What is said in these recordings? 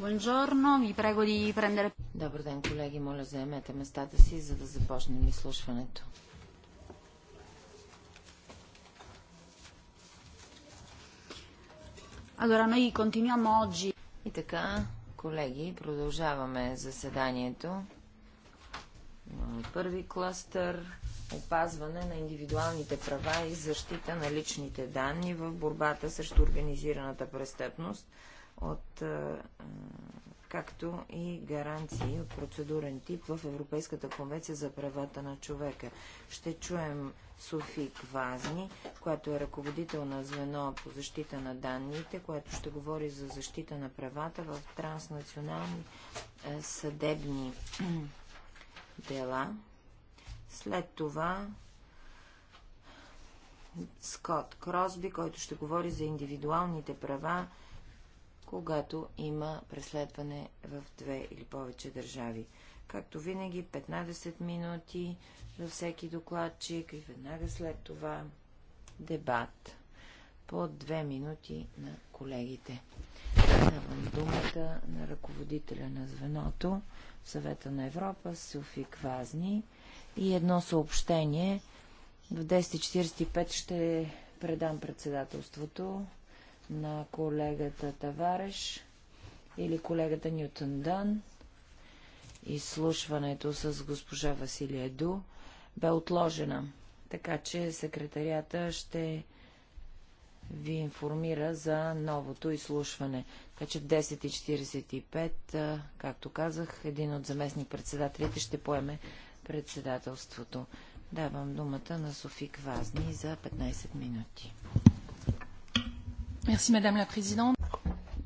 Buongiorno, vi prego di prendere... Добър ден, колеги. Моля, заемете местата си, за да започнем изслушването. Allora, noi continuiamo oggi. И така, колеги, продължаваме заседанието. Първи кластър опазване на индивидуалните права и защита на личните данни в борбата срещу организираната престъпност – от е, както и гаранции от процедурен тип в Европейската конвенция за правата на човека. Ще чуем Софи Квазни, която е ръководител на звено по защита на данните, което ще говори за защита на правата в транснационални е, съдебни дела. След това Скот Кросби, който ще говори за индивидуалните права когато има преследване в две или повече държави. Както винаги, 15 минути за всеки докладчик и веднага след това дебат по две минути на колегите. Давам думата на ръководителя на звеното в Съвета на Европа Софи Квазни и едно съобщение. В 10.45 ще предам председателството на колегата Тавареш или колегата Ньютон Дън Изслушването с госпожа Василия Ду бе отложена, така че секретарията ще ви информира за новото изслушване. Така че в 10.45, както казах, един от заместник-председателите ще поеме председателството. Давам думата на Софи Квазни за 15 минути.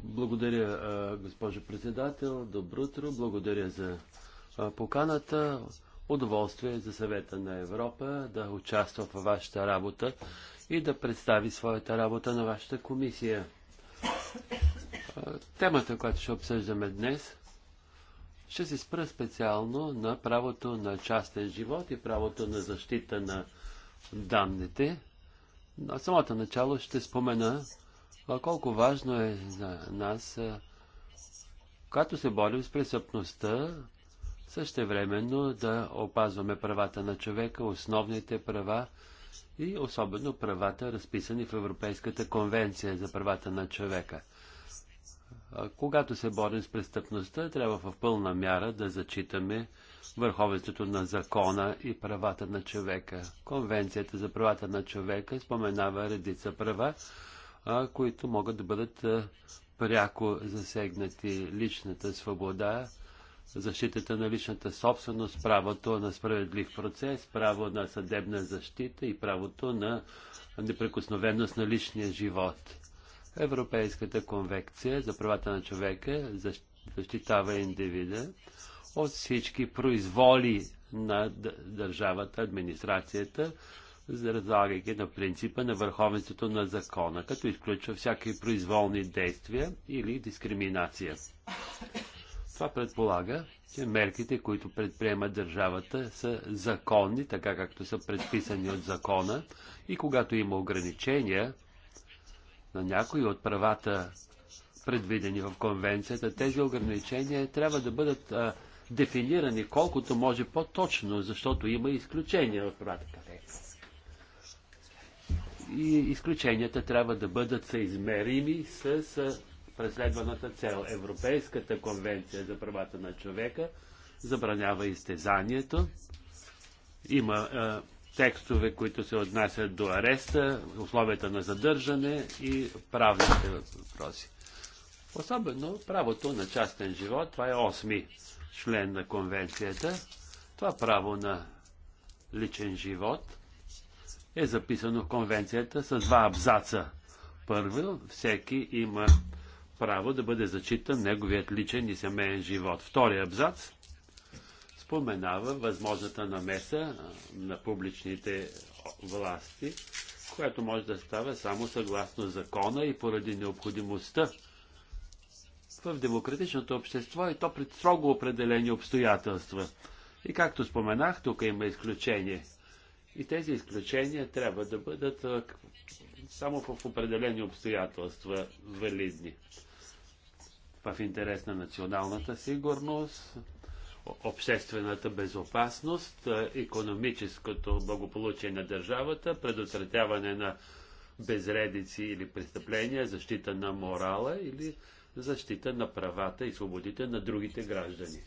Благодаря, госпожо председател. Добро утро. Благодаря за поканата. Удоволствие за съвета на Европа да участва в вашата работа и да представи своята работа на вашата комисия. Темата, която ще обсъждаме днес, ще се спра специално на правото на частен живот и правото на защита на данните. На самото начало ще спомена колко важно е за нас, когато се борим с престъпността, същевременно да опазваме правата на човека, основните права и особено правата, разписани в Европейската конвенция за правата на човека. Когато се борим с престъпността, трябва в пълна мяра да зачитаме върховенството на закона и правата на човека. Конвенцията за правата на човека споменава редица права, които могат да бъдат пряко засегнати личната свобода, защитата на личната собственост, правото на справедлив процес, право на съдебна защита и правото на неприкосновеност на личния живот. Европейската конвекция за правата на човека защитава индивида от всички произволи на държавата, администрацията, заразлагайки на принципа на върховенството на закона, като изключва всякакви произволни действия или дискриминация. Това предполага, че мерките, които предприема държавата, са законни, така както са предписани от закона, и когато има ограничения на някои от правата, предвидени в конвенцията, тези ограничения трябва да бъдат а, дефинирани колкото може по-точно, защото има изключения от правата и изключенията трябва да бъдат съизмерими с преследваната цел. Европейската конвенция за правата на човека забранява изтезанието. Има е, текстове, които се отнасят до ареста, условията на задържане и правните въпроси. Особено правото на частен живот, това е осми член на конвенцията. Това право на личен живот – е записано в конвенцията с два абзаца. Първо, всеки има право да бъде зачитан неговият личен и семейен живот. Втори абзац споменава възможната намеса на публичните власти, което може да става само съгласно закона и поради необходимостта в демократичното общество и то при строго определени обстоятелства. И както споменах, тук има изключение – и тези изключения трябва да бъдат само в определени обстоятелства валидни. В интерес на националната сигурност, обществената безопасност, економическото благополучие на държавата, предотвратяване на безредици или престъпления, защита на морала или защита на правата и свободите на другите граждани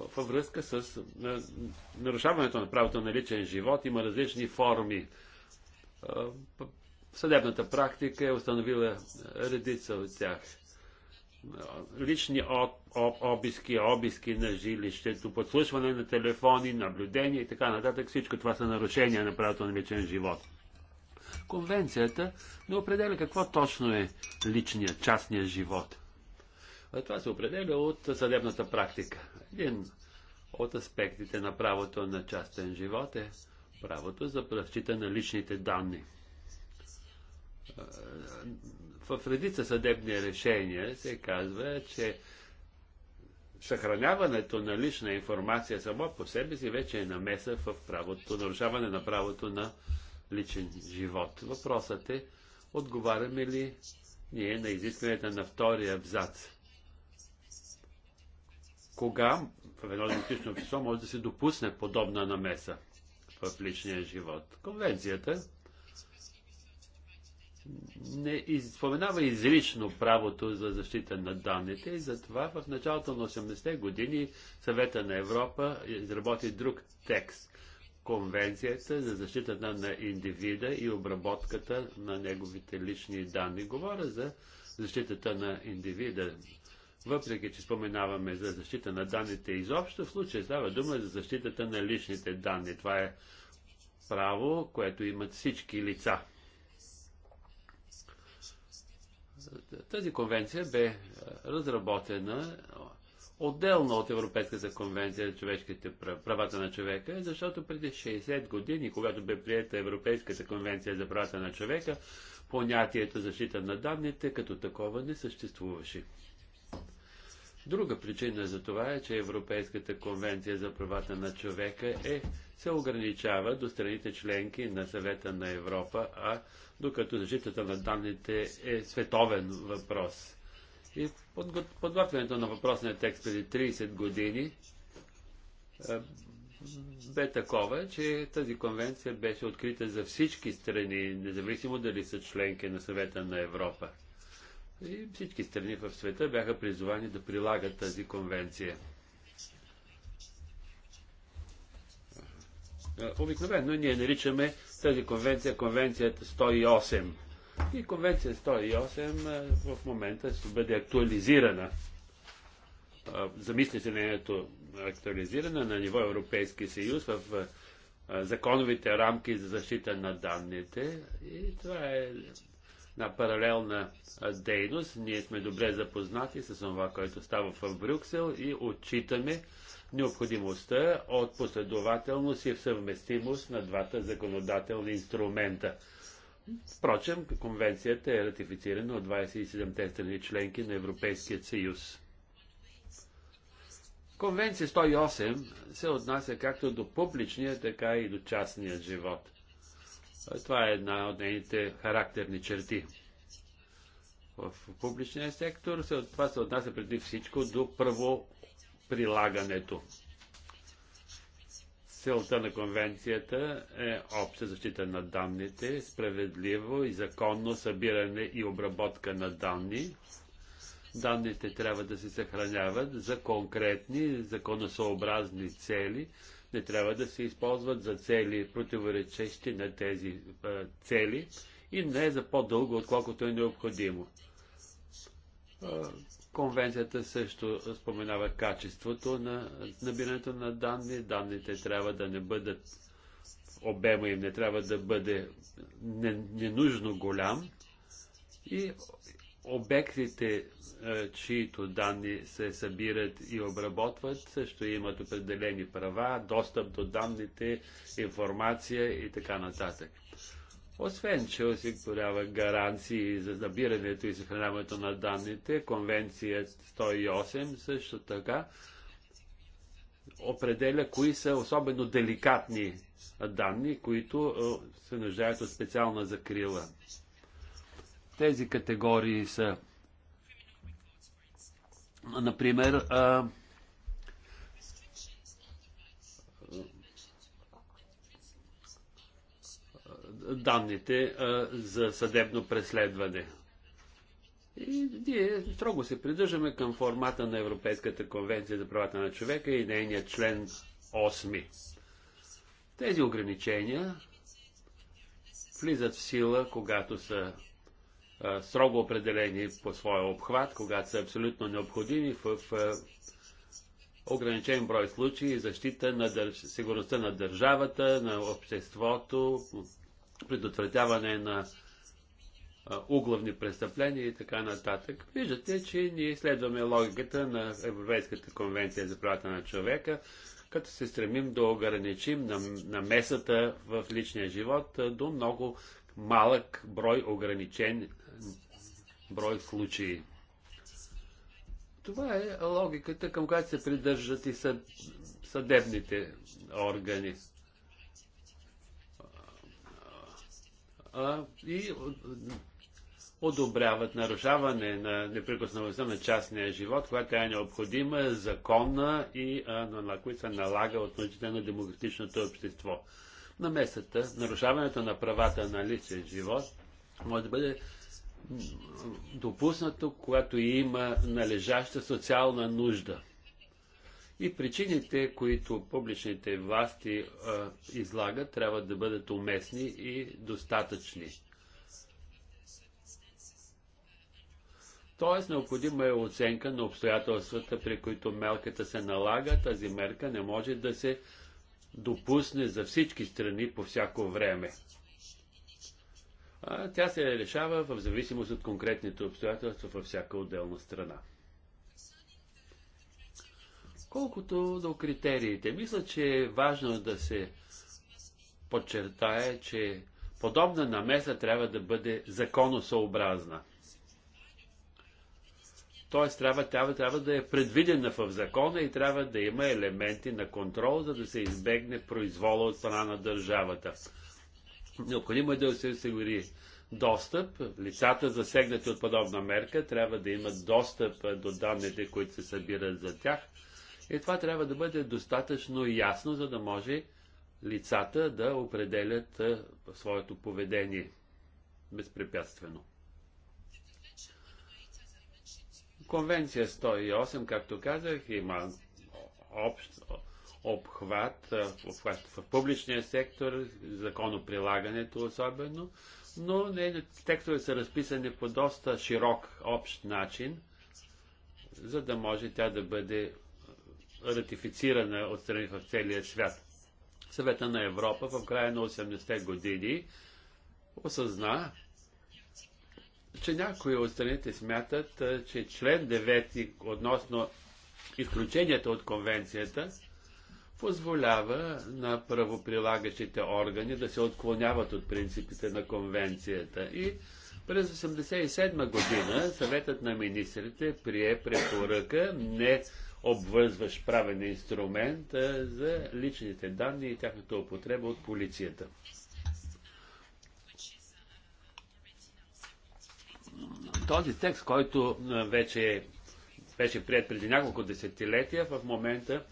във връзка с нарушаването на правото на личен живот. Има различни форми. Съдебната практика е установила редица от тях. Лични обиски, обиски на жилището, подслушване на телефони, наблюдение и така нататък. Всичко това са нарушения на правото на личен живот. Конвенцията не определя какво точно е личният, частният живот. А това се определя от съдебната практика. Един от аспектите на правото на частен живот е правото за правчита на личните данни. Е, в редица съдебни решения се казва, че съхраняването на лична информация само по себе си вече е намеса в правото, нарушаване на правото на личен живот. Въпросът е, отговаряме ли ние на изискванията на втория абзац кога в едно демократично общество може да се допусне подобна намеса в личния живот. Конвенцията не споменава изрично правото за защита на данните и затова в началото на 80-те години Съвета на Европа изработи друг текст. Конвенцията за защита на индивида и обработката на неговите лични данни. Говоря за защитата на индивида въпреки че споменаваме за защита на данните изобщо, в случая става дума за защитата на личните данни. Това е право, което имат всички лица. Тази конвенция бе е, разработена отделно от Европейската конвенция за човешките правата на човека, защото преди 60 години, когато бе приета Европейската конвенция за правата на човека, понятието защита на данните като такова не съществуваше. Друга причина за това е, че Европейската конвенция за правата на човека е, се ограничава до страните членки на съвета на Европа, а докато защитата на данните е световен въпрос. И подготвянето на въпросния текст преди 30 години е, бе такова, че тази конвенция беше открита за всички страни, независимо дали са членки на съвета на Европа. И всички страни в света бяха призовани да прилагат тази конвенция. Обикновено ние наричаме тази конвенция конвенцията 108. И конвенция 108 в момента ще бъде актуализирана. Замисли се нейното е актуализиране на ниво Европейски съюз в законовите рамки за защита на данните. И това е на паралелна дейност. Ние сме добре запознати с това, което става в Брюксел и отчитаме необходимостта от последователност и съвместимост на двата законодателни инструмента. Впрочем, конвенцията е ратифицирана от 27-те страни членки на Европейския съюз. Конвенция 108 се отнася както до публичния, така и до частния живот. Това е една от нейните характерни черти. В публичния сектор това се отнася преди всичко до първо прилагането. Целта на конвенцията е обща защита на данните, справедливо и законно събиране и обработка на данни. Данните трябва да се съхраняват за конкретни законосъобразни цели – не трябва да се използват за цели, противоречещи на тези а, цели и не за по-дълго, отколкото е необходимо. А, конвенцията също споменава качеството на набирането на данни. Данните трябва да не бъдат, обема им не трябва да бъде ненужно голям и обектите, е, чието данни се събират и обработват, също имат определени права, достъп до данните, информация и така нататък. Освен, че осигурява гаранции за набирането и съхраняването на данните, Конвенция 108 също така определя кои са особено деликатни данни, които е, се нуждаят от специална закрила. Тези категории са, например, а, данните а, за съдебно преследване. И ние строго се придържаме към формата на Европейската конвенция за правата на човека и нейния член 8. Тези ограничения влизат в сила, когато са строго определени по своя обхват, когато са абсолютно необходими в ограничен брой случаи защита на държ... сигурността на държавата, на обществото, предотвратяване на углавни престъпления и така нататък. Виждате, че ние следваме логиката на Европейската конвенция за правата на човека, като се стремим да ограничим намесата месата в личния живот до много малък брой ограничен брой случаи. Това е логиката, към която се придържат и съд, съдебните органи. А, и одобряват нарушаване на неприкосновеността на частния живот, която е необходима, законна и а, на която се налага от нуждите на демократичното общество. Намесата, нарушаването на правата на личен живот може да бъде допуснато, когато има належаща социална нужда. И причините, които публичните власти а, излагат, трябва да бъдат уместни и достатъчни. Тоест, необходима е оценка на обстоятелствата, при които мелката се налага. Тази мерка не може да се допусне за всички страни по всяко време а, тя се решава в зависимост от конкретните обстоятелства във всяка отделна страна. Колкото до критериите, мисля, че е важно да се подчертае, че подобна намеса трябва да бъде законосъобразна. Т.е. Трябва, трябва, трябва да е предвидена в закона и трябва да има елементи на контрол, за да се избегне произвола от страна на държавата. Необходимо е да се осигури достъп. Лицата, засегнати от подобна мерка, трябва да имат достъп до данните, които се събират за тях. И това трябва да бъде достатъчно ясно, за да може лицата да определят своето поведение безпрепятствено. Конвенция 108, както казах, има общ, обхват, обхват в публичния сектор, законоприлагането особено, но текстове са разписани по доста широк, общ начин, за да може тя да бъде ратифицирана от страни в целия свят. Съвета на Европа в края на 80-те години осъзна, че някои от страните смятат, че член 9 относно изключенията от конвенцията позволява на правоприлагащите органи да се отклоняват от принципите на конвенцията. И през 1987 година съветът на министрите прие препоръка не обвързващ правен инструмент за личните данни и тяхната употреба от полицията. Този текст, който вече беше прият преди няколко десетилетия, в момента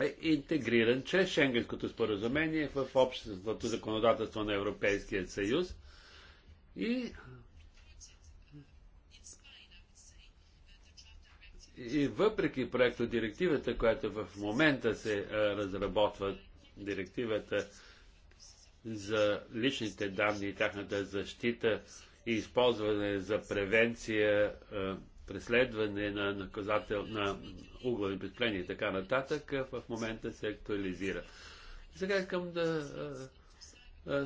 е интегриран чрез Шенгенското споразумение в обществото законодателство на Европейския съюз и И въпреки проекто директивата, която в момента се е, разработва, директивата за личните данни и тяхната защита и използване за превенция е, преследване на наказател, на углови престъпления и така нататък, в момента се актуализира. Сега искам да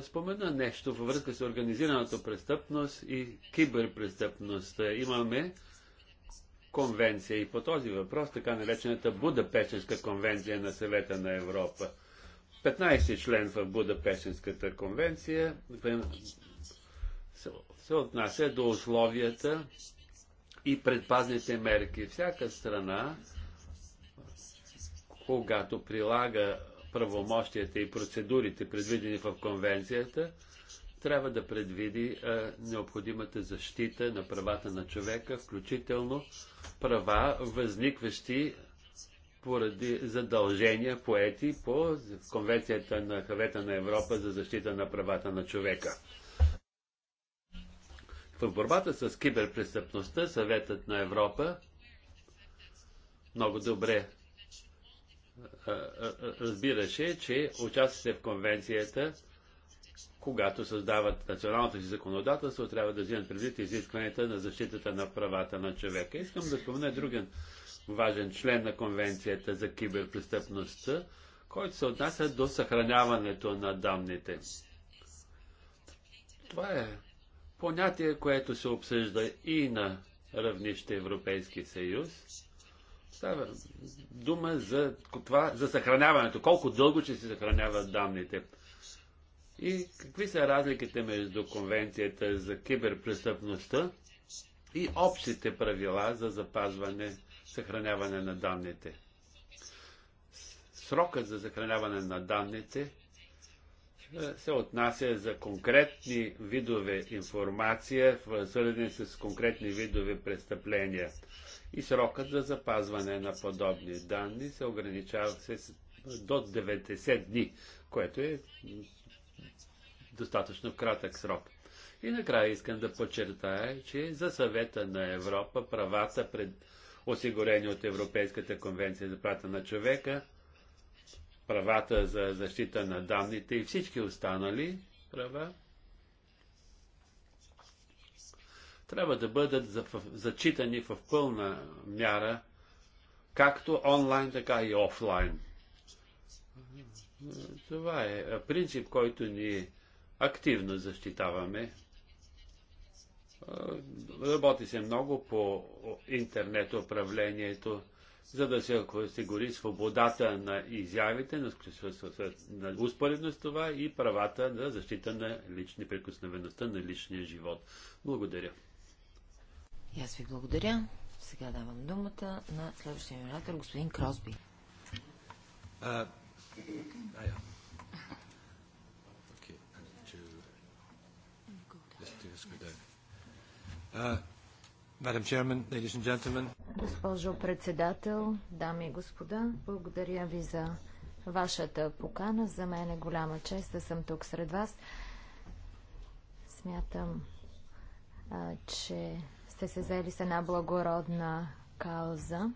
спомена нещо във връзка с организираната престъпност и киберпрестъпност. Имаме конвенция и по този въпрос, така наречената Будапешенска конвенция на съвета на Европа. 15 член в Будапешенската конвенция се отнася до условията и предпазните мерки. Всяка страна, когато прилага правомощията и процедурите, предвидени в конвенцията, трябва да предвиди а, необходимата защита на правата на човека, включително права, възникващи поради задължения, поети по Конвенцията на Хавета на Европа за защита на правата на човека. В борбата с киберпрестъпността съветът на Европа много добре разбираше, че участите в конвенцията, когато създават националното си законодателство, трябва да взимат предвид изискванията на защитата на правата на човека. Искам да спомена друг важен член на конвенцията за киберпрестъпността, който се отнася до съхраняването на данните. Това е понятие, което се обсъжда и на равнище Европейски съюз. Става дума за това, за съхраняването. Колко дълго ще се съхраняват данните. И какви са разликите между конвенцията за киберпрестъпността и общите правила за запазване, съхраняване на данните? Срокът за съхраняване на данните е, се отнася за конкретни видове информация, свързани с конкретни видове престъпления. И срокът за запазване на подобни данни се ограничава се до 90 дни, което е достатъчно кратък срок. И накрая искам да подчертая, че за съвета на Европа правата пред осигурени от Европейската конвенция за прата на човека правата за защита на данните и всички останали права трябва да бъдат зачитани в пълна мяра, както онлайн, така и офлайн. Това е принцип, който ние активно защитаваме. Работи се много по интернет управлението за да се осигури свободата на изявите, на, на успоредно с това и правата на защита на лични прикосновеността на личния живот. Благодаря. И аз ви благодаря. Сега давам думата на следващия оратор, господин Кросби. А, I, uh. Madam Chairman, ladies and gentlemen. Госпожо председател, дами и господа, благодаря ви за вашата покана. За мен е голяма чест да съм тук сред вас. Смятам, а, че сте се заели с една благородна кауза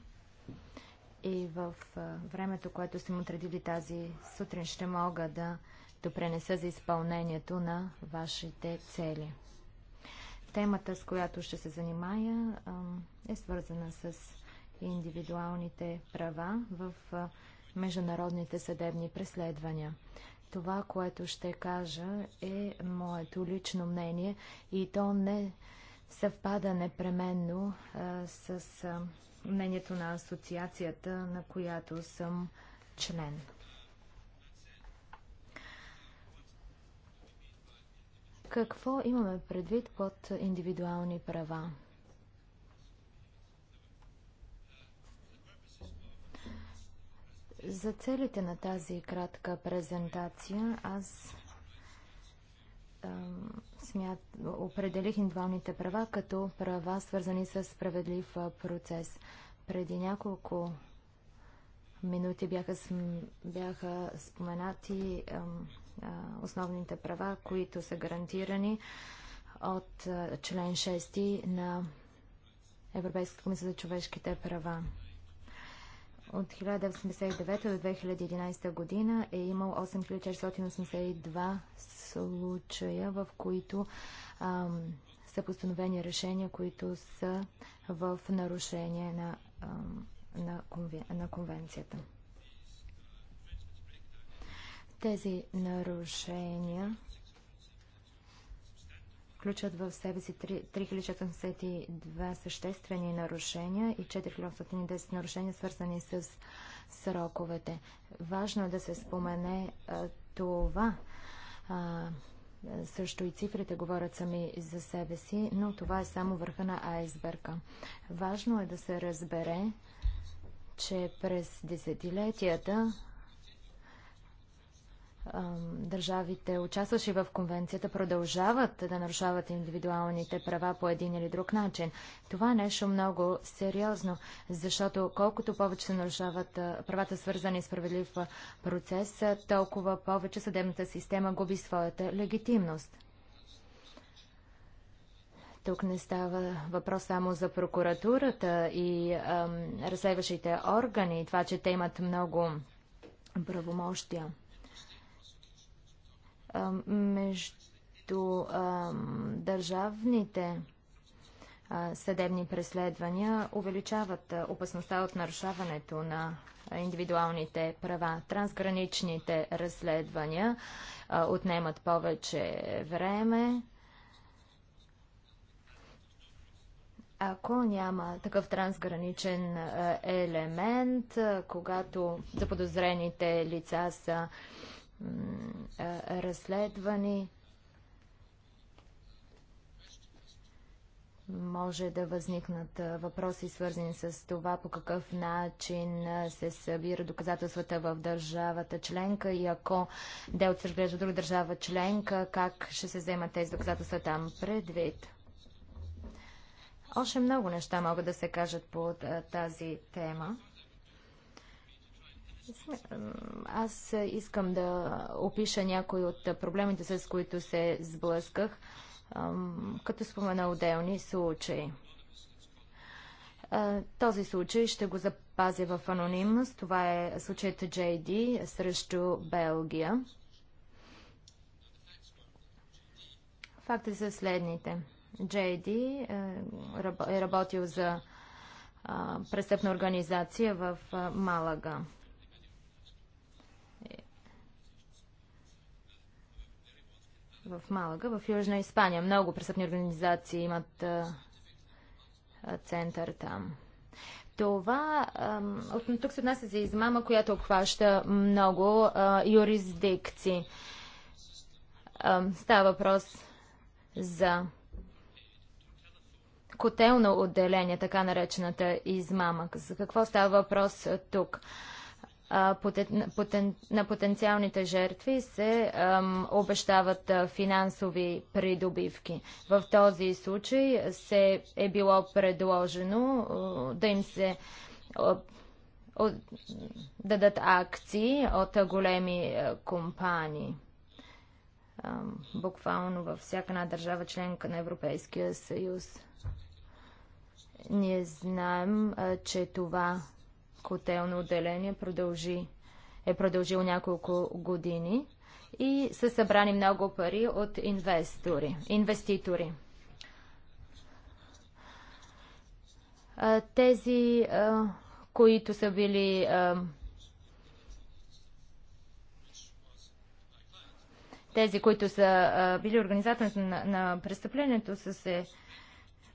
и в а, времето, което сте му отредили тази сутрин, ще мога да допренеса за изпълнението на вашите цели темата, с която ще се занимая, е свързана с индивидуалните права в международните съдебни преследвания. Това, което ще кажа, е моето лично мнение и то не съвпада непременно с мнението на асоциацията, на която съм член. Какво имаме предвид под индивидуални права? За целите на тази кратка презентация аз смят, определих индивидуалните права като права, свързани с справедлив процес. Преди няколко минути бяха, бяха споменати э, основните права, които са гарантирани от член 6 на Европейската комисия за човешките права. От 1989 до 2011 година е имал 8482 случая, в които ам, са постановени решения, които са в нарушение на, ам, на, конвен... на конвенцията. Тези нарушения включват в себе си 3082 съществени нарушения и 410 нарушения, свързани с сроковете. Важно е да се спомене а, това. А, също и цифрите говорят сами за себе си, но това е само върха на айсберга. Важно е да се разбере, че през десетилетията държавите, участващи в конвенцията, продължават да нарушават индивидуалните права по един или друг начин. Това е нещо много сериозно, защото колкото повече се нарушават правата свързани с справедлив процес, толкова повече съдебната система губи своята легитимност. Тук не става въпрос само за прокуратурата и разследващите органи, това, че те имат много правомощия между държавните съдебни преследвания увеличават опасността от нарушаването на индивидуалните права. Трансграничните разследвания отнемат повече време. Ако няма такъв трансграничен елемент, когато заподозрените лица са е, разследвани. Може да възникнат е, въпроси, свързани с това по какъв начин е, се събира доказателствата в държавата членка и ако делото се разглежда в друга държава членка, как ще се вземат тези доказателства там предвид. Още много неща могат да се кажат по тази тема. Аз искам да опиша някои от проблемите, с които се сблъсках, като спомена отделни случаи. Този случай ще го запазя в анонимност. Това е случаят JD срещу Белгия. Факти са следните. JD е работил за престъпна организация в Малага. в Малага, в Южна Испания. Много престъпни организации имат а, център там. Това, от тук се отнася за измама, която обхваща много а, юрисдикции. А, става въпрос за котелно отделение, така наречената измама. За какво става въпрос тук? А, на потенциалните жертви се обещават финансови придобивки. В този случай се е било предложено да им се дадат акции от големи компании. Буквално във всяка една държава членка на Европейския съюз. Ние знаем, че това котелно отделение продължи, е продължил няколко години и са събрани много пари от инвестори, инвеститори. Тези, които са били тези, които са били организаторите на, на престъплението, са се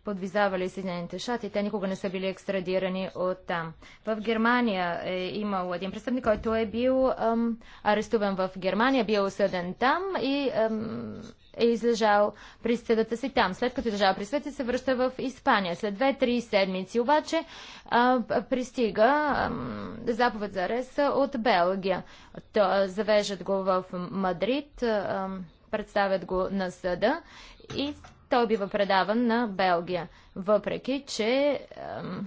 подвизавали Съединените щати. Те никога не са били екстрадирани от там. В Германия е имал един престъпник, който е бил ам, арестуван в Германия, бил осъден там и ам, е излежал присъдата си там. След като е излежава присъдата се връща в Испания. След 2-3 седмици обаче а, пристига а, заповед за арест от Белгия. То, завежат го в Мадрид, а, представят го на съда и той бива предаван на Белгия. Въпреки, че ем,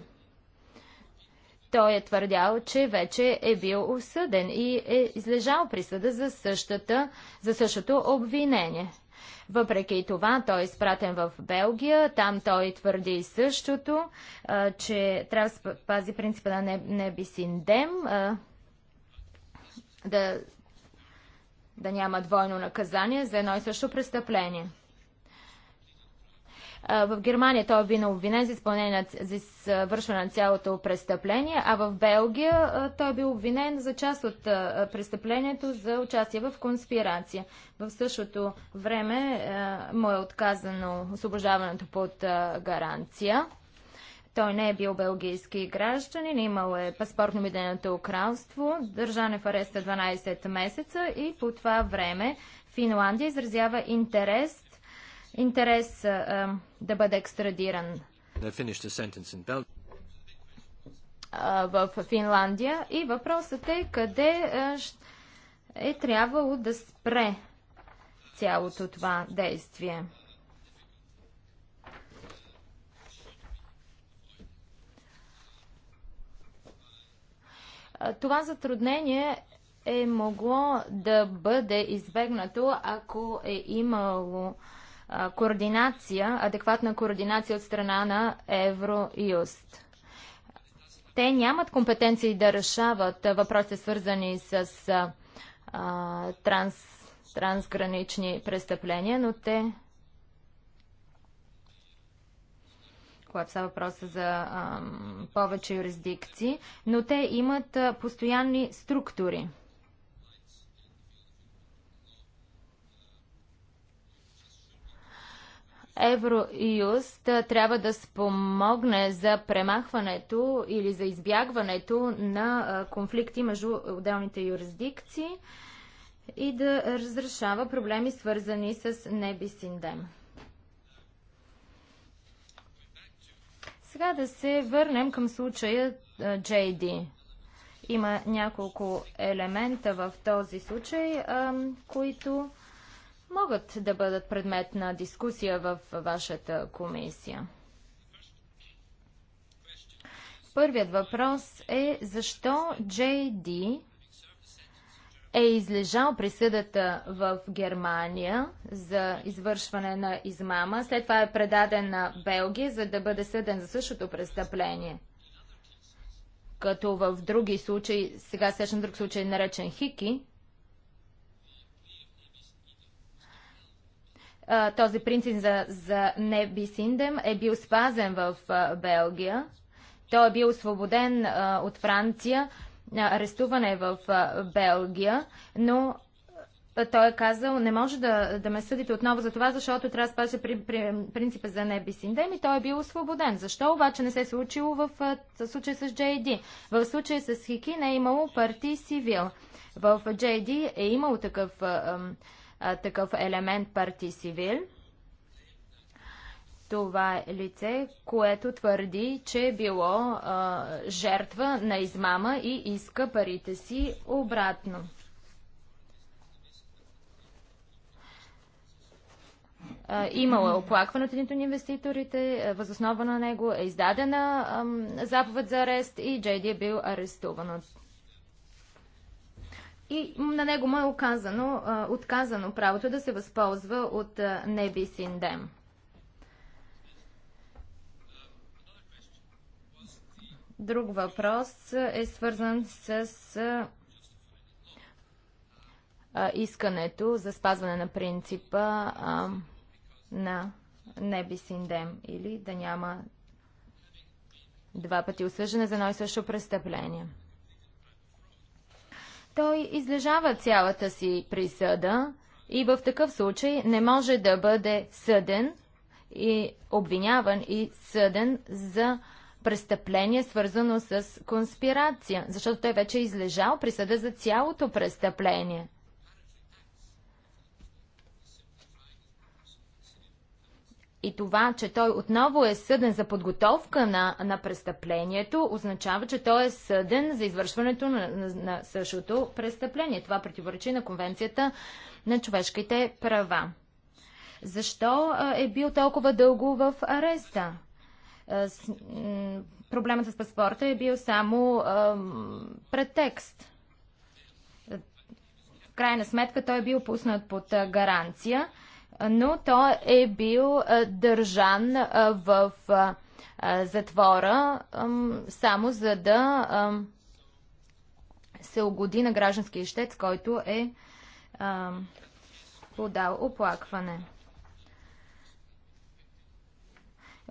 той е твърдял, че вече е бил осъден и е излежал присъда за, същата, за същото обвинение. Въпреки това, той е изпратен в Белгия. Там той твърди същото, а, че трябва да пази принципа на не, небисиндем, да, да няма двойно наказание за едно и също престъпление. В Германия той е бил обвинен за, изпълнение, за извършване на цялото престъпление, а в Белгия той е бил обвинен за част от престъплението за участие в конспирация. В същото време му е отказано освобождаването под гаранция. Той не е бил белгийски гражданин, имал е паспортно на кралство, държан е в ареста 12 месеца и по това време Финландия изразява интерес интерес а, да бъде екстрадиран в Финландия. И въпросът е къде е трябвало да спре цялото това действие. Това затруднение е могло да бъде избегнато, ако е имало координация, адекватна координация от страна на Евроюст. Те нямат компетенции да решават въпроси, свързани с а, транс, трансгранични престъпления, но те когато са въпроса за а, повече юрисдикции, но те имат а, постоянни структури. Евроюст трябва да спомогне за премахването или за избягването на конфликти между отделните юрисдикции и да разрешава проблеми свързани с небисиндем. Сега да се върнем към случая JD. Има няколко елемента в този случай, които могат да бъдат предмет на дискусия в вашата комисия. Първият въпрос е защо JD е излежал присъдата в Германия за извършване на измама, след това е предаден на Белгия, за да бъде съден за същото престъпление. Като в други случаи, сега срещам друг случай, наречен Хики, този принцип за, за не бисиндем е бил спазен в Белгия. Той е бил освободен от Франция, арестуван е в Белгия, но той е казал, не може да, да ме съдите отново за това, защото трябва да спази при, при, принципа за Неби Синдем и той е бил освободен. Защо обаче не се е случило в, в случая с JD? В случая с Хики не е имало партии Сивил. В JD е имало такъв а, такъв елемент партисивил. Това е лице, което твърди, че е било а, жертва на измама и иска парите си обратно. Имало е оплакване от един от инвеститорите, възоснова на него е издадена а, заповед за арест и Джейди е бил арестуван от и на него му е оказано, отказано правото да се възползва от Неби Синдем. Друг въпрос е свързан с искането за спазване на принципа на Неби Синдем или да няма два пъти осъждане за едно и също престъпление той излежава цялата си присъда и в такъв случай не може да бъде съден и обвиняван и съден за престъпление, свързано с конспирация, защото той вече е излежал присъда за цялото престъпление. И това, че той отново е съден за подготовка на, на престъплението, означава, че той е съден за извършването на, на, на същото престъпление. Това противоречи на Конвенцията на човешките права. Защо е бил толкова дълго в ареста? Проблемът с паспорта е бил само претекст. В крайна сметка той е бил пуснат под гаранция но той е бил държан в затвора само за да се угоди на граждански ищец, който е подал оплакване.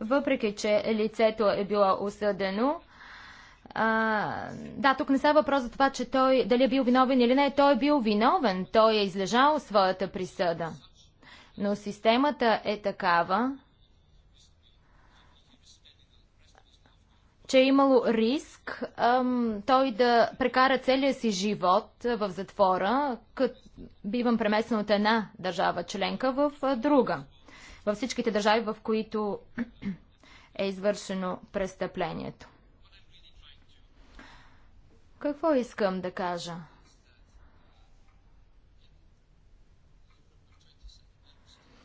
Въпреки, че лицето е било осъдено, а, да, тук не става въпрос за това, че той дали е бил виновен или не. Той е бил виновен. Той е излежал своята присъда. Но системата е такава, че е имало риск ам, той да прекара целия си живот в затвора, като бивам преместен от една държава членка в друга. Във всичките държави, в които е извършено престъплението. Какво искам да кажа?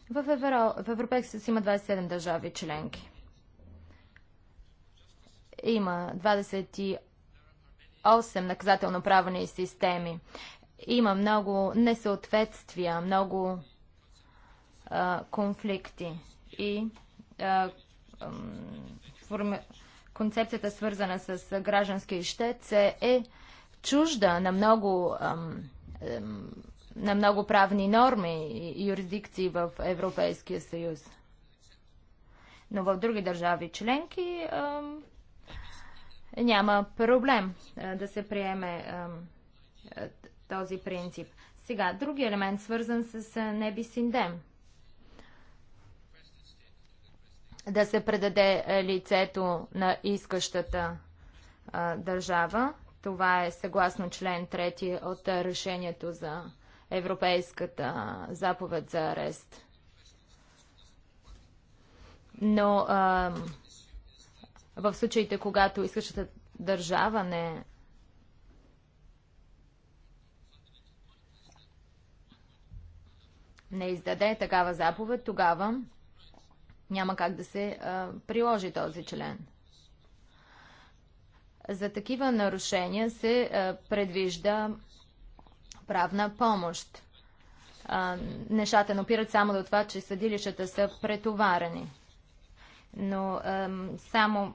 В, Евро... в Европейския съюз има 27 държави членки. Има 28 наказателно-правни системи. Има много несъответствия, много а, конфликти и а, форми... концепцията свързана с граждански щец е чужда на много А, на много правни норми и юрисдикции в Европейския съюз. Но в други държави членки а, няма проблем а, да се приеме а, този принцип. Сега, други елемент, свързан с небисиндем. Да се предаде лицето на искащата а, държава. Това е съгласно член 3 от решението за Европейската заповед за арест. Но а, в случаите, когато искащата държава не не издаде такава заповед, тогава няма как да се а, приложи този член. За такива нарушения се а, предвижда правна помощ. А, нещата не опират само до това, че съдилищата са претоварени. Но а, само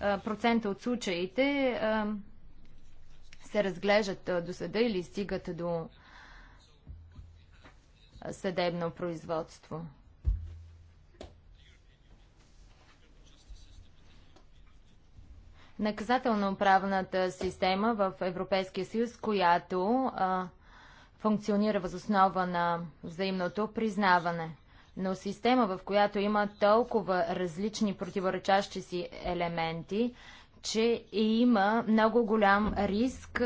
5% от случаите а, се разглеждат до съда или стигат до съдебно производство. наказателно-правната система в Европейския съюз, която а, функционира възоснова на взаимното признаване. Но система, в която има толкова различни противоречащи си елементи, че има много голям риск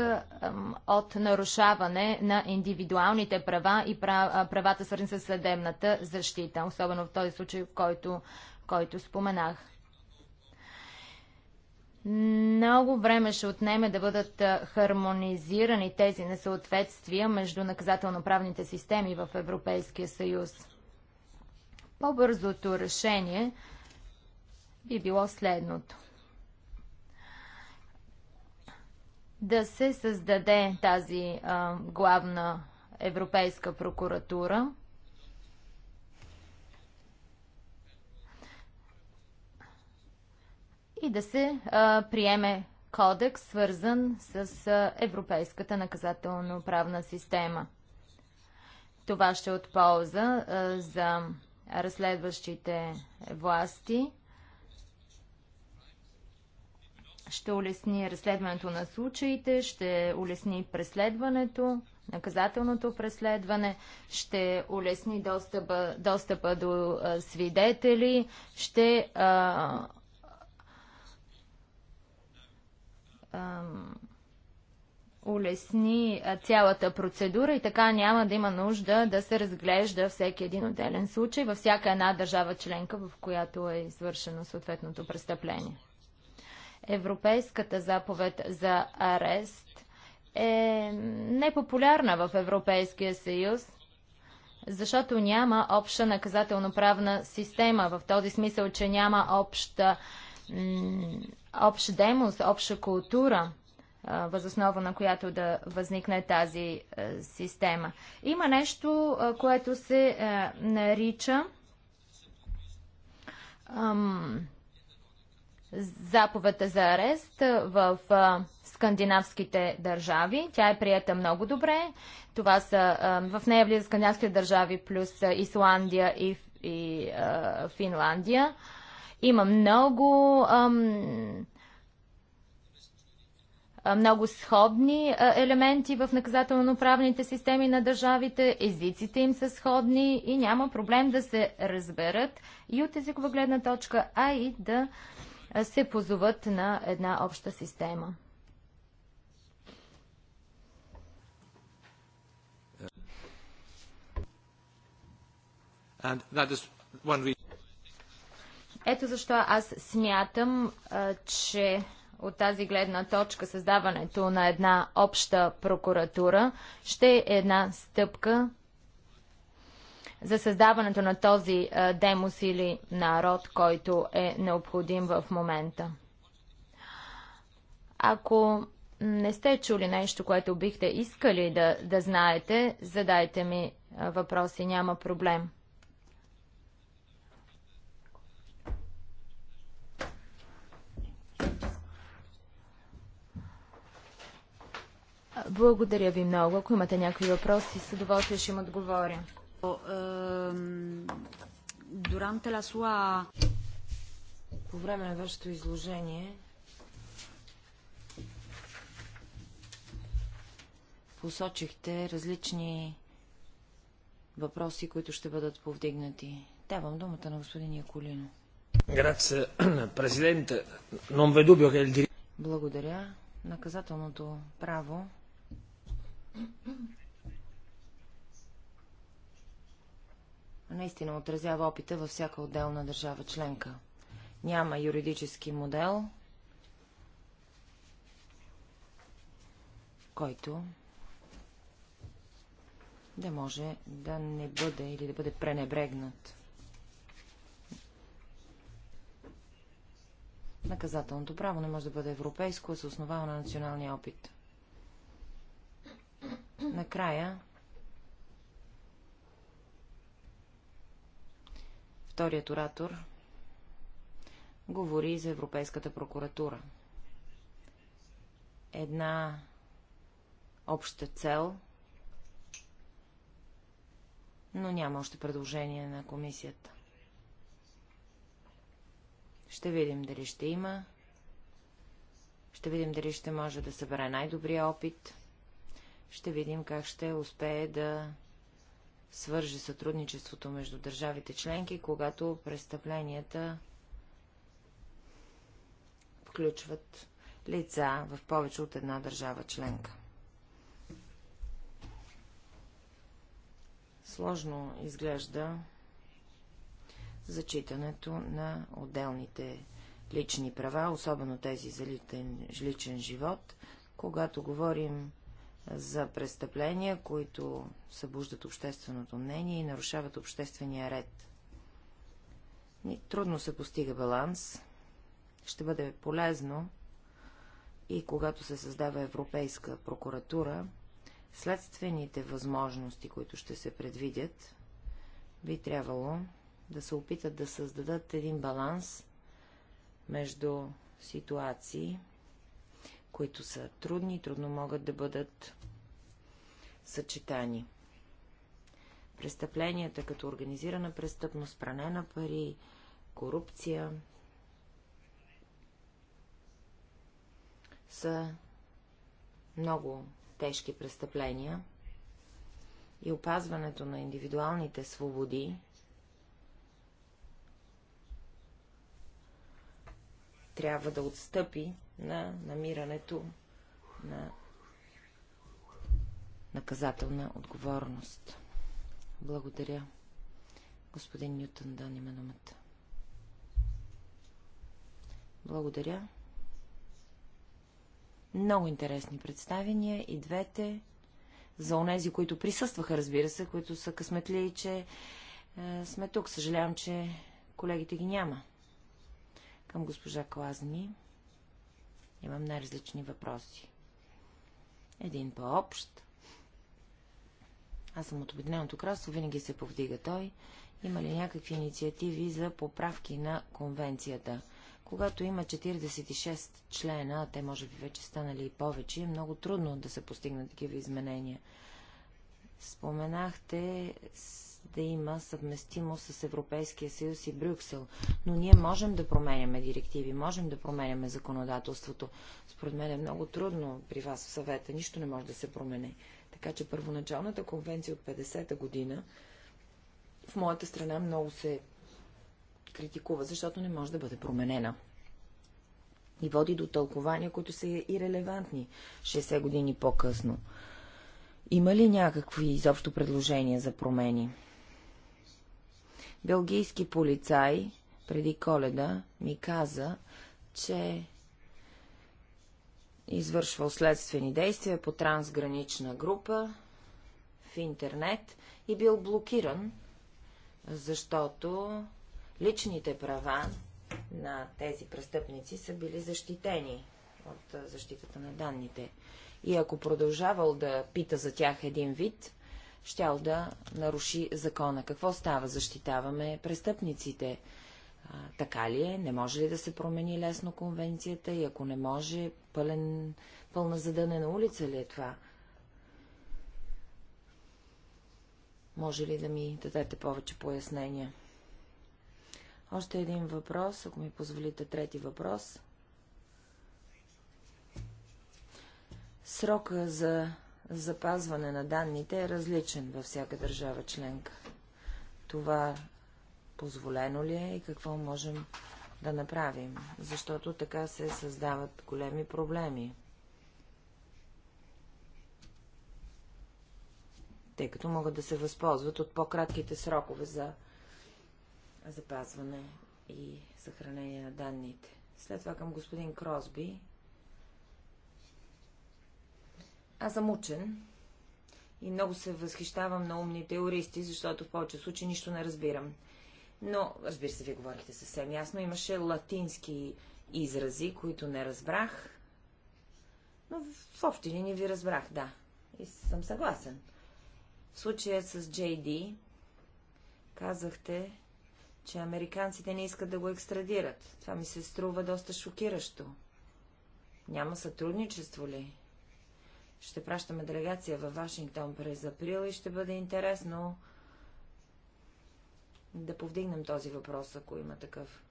от нарушаване на индивидуалните права и правата свързани с съдебната защита, особено в този случай, в който, който споменах. Много време ще отнеме да бъдат хармонизирани тези несъответствия между наказателно-правните системи в Европейския съюз. По-бързото решение би било следното. Да се създаде тази а, главна европейска прокуратура – и да се а, приеме кодекс, свързан с а, европейската наказателно-правна система. Това ще е от полза а, за разследващите власти. Ще улесни разследването на случаите, ще улесни преследването, наказателното преследване, ще улесни достъпа, достъпа до а, свидетели, ще а, улесни цялата процедура и така няма да има нужда да се разглежда всеки един отделен случай във всяка една държава членка, в която е извършено съответното престъпление. Европейската заповед за арест е непопулярна в Европейския съюз, защото няма обща наказателно-правна система, в този смисъл, че няма обща общ демос, обща култура, възоснова на която да възникне тази система. Има нещо, което се нарича заповедта за арест в скандинавските държави. Тя е прията много добре. Това са, в нея влизат скандинавските държави плюс Исландия и, и Финландия. Има много ам, много сходни елементи в наказателно-правните системи на държавите, езиците им са сходни и няма проблем да се разберат и от езикова гледна точка, а и да се позоват на една обща система. And that is one reason. Ето защо аз смятам, че от тази гледна точка създаването на една обща прокуратура ще е една стъпка за създаването на този демос или народ, който е необходим в момента. Ако не сте чули нещо, което бихте искали да, да знаете, задайте ми въпроси, няма проблем. Благодаря ви много. Ако имате някакви въпроси, с удоволствие ще им отговоря. По време на вашето изложение посочихте различни въпроси, които ще бъдат повдигнати. Давам думата на господин Яколино. Грация, Благодаря. Наказателното право наистина отразява опита във всяка отделна държава членка. Няма юридически модел, който да може да не бъде или да бъде пренебрегнат. Наказателното право не може да бъде европейско, а се основава на националния опит. Накрая вторият оратор говори за Европейската прокуратура. Една обща цел, но няма още предложение на комисията. Ще видим дали ще има. Ще видим дали ще може да събере най-добрия опит. Ще видим как ще успее да свърже сътрудничеството между държавите членки, когато престъпленията включват лица в повече от една държава членка. Сложно изглежда зачитането на отделните лични права, особено тези за личен живот. Когато говорим за престъпления, които събуждат общественото мнение и нарушават обществения ред. Трудно се постига баланс. Ще бъде полезно и когато се създава Европейска прокуратура, следствените възможности, които ще се предвидят, би трябвало да се опитат да създадат един баланс между ситуации, които са трудни и трудно могат да бъдат съчетани. Престъпленията като организирана престъпност, пране на пари, корупция са много тежки престъпления и опазването на индивидуалните свободи трябва да отстъпи на намирането на наказателна отговорност. Благодаря. Господин Нютон, да, има думата. Благодаря. Много интересни представения и двете. За онези, които присъстваха, разбира се, които са късметли, че е, сме тук. Съжалявам, че колегите ги няма. Към госпожа Клазни имам най-различни въпроси. Един по-общ. Аз съм от Обединеното кралство, винаги се повдига той. Има ли някакви инициативи за поправки на конвенцията? Когато има 46 члена, те може би вече станали и повече, е много трудно да се постигнат такива изменения. Споменахте да има съвместимост с Европейския съюз и Брюксел. Но ние можем да променяме директиви, можем да променяме законодателството. Според мен е много трудно при вас в съвета. Нищо не може да се промени. Така че първоначалната конвенция от 50-та година в моята страна много се критикува, защото не може да бъде променена. И води до тълкования, които са ирелевантни 60 години по-късно. Има ли някакви изобщо предложения за промени? Белгийски полицай преди коледа ми каза, че извършвал следствени действия по трансгранична група в интернет и бил блокиран, защото личните права на тези престъпници са били защитени от защитата на данните. И ако продължавал да пита за тях един вид, щял да наруши закона. Какво става? Защитаваме престъпниците. А, така ли е? Не може ли да се промени лесно конвенцията? И ако не може, пълен, пълна задънена улица ли е това? Може ли да ми дадете повече пояснения? Още един въпрос, ако ми позволите трети въпрос. Срока за запазване на данните е различен във всяка държава членка. Това позволено ли е и какво можем да направим, защото така се създават големи проблеми. Тъй като могат да се възползват от по-кратките срокове за запазване и съхранение на данните. След това към господин Кросби Аз съм учен и много се възхищавам на умните юристи, защото в повече случаи нищо не разбирам. Но, разбира се, вие говорихте съвсем ясно, имаше латински изрази, които не разбрах, но в общи линии ви разбрах, да. И съм съгласен. В случая с JD казахте, че американците не искат да го екстрадират. Това ми се струва доста шокиращо. Няма сътрудничество ли? Ще пращаме делегация във Вашингтон през април и ще бъде интересно да повдигнем този въпрос, ако има такъв.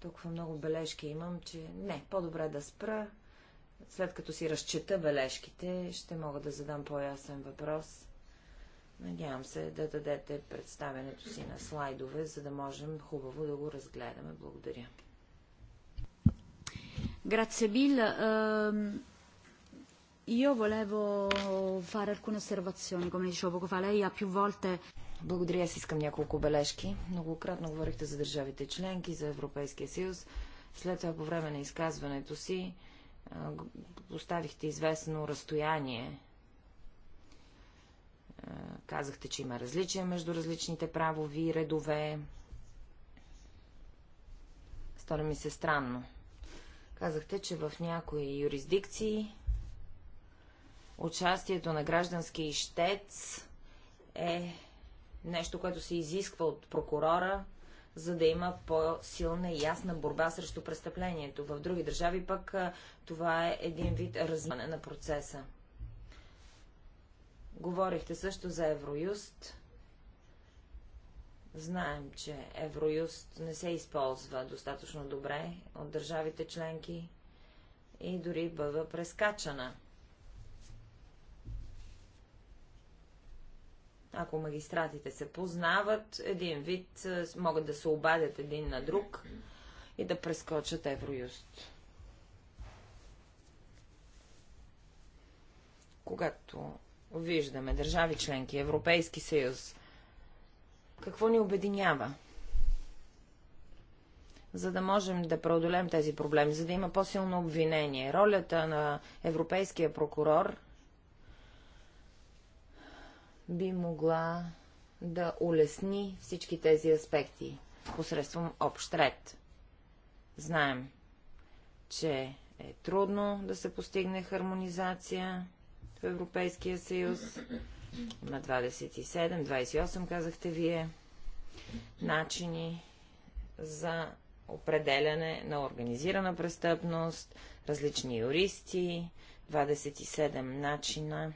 Толкова много бележки имам, че не, по-добре да спра. След като си разчета бележките, ще мога да задам по-ясен въпрос. Надявам се да дадете представенето си на слайдове, за да можем хубаво да го разгледаме. Благодаря. Грация Bill. Ehm, Io volevo fare alcune osservazioni, come dicevo poco fa. Lei ha più volte... Благодаря, аз искам няколко бележки. Многократно говорихте за държавите членки, за Европейския съюз. След това, по време на изказването си, поставихте известно разстояние. Казахте, че има различия между различните правови редове. Стори ми се странно. Казахте, че в някои юрисдикции Участието на граждански ищец е нещо, което се изисква от прокурора, за да има по-силна и ясна борба срещу престъплението. В други държави пък това е един вид размане на процеса. Говорихте също за Евроюст. Знаем, че Евроюст не се използва достатъчно добре от държавите членки и дори бъва прескачана. Ако магистратите се познават, един вид е, могат да се обадят един на друг и да прескочат Евроюст. Когато виждаме държави членки, Европейски съюз, какво ни обединява? за да можем да преодолем тези проблеми, за да има по-силно обвинение. Ролята на европейския прокурор би могла да улесни всички тези аспекти посредством общ ред. Знаем, че е трудно да се постигне хармонизация в Европейския съюз. на 27, 28, казахте вие, начини за определяне на организирана престъпност, различни юристи, 27 начина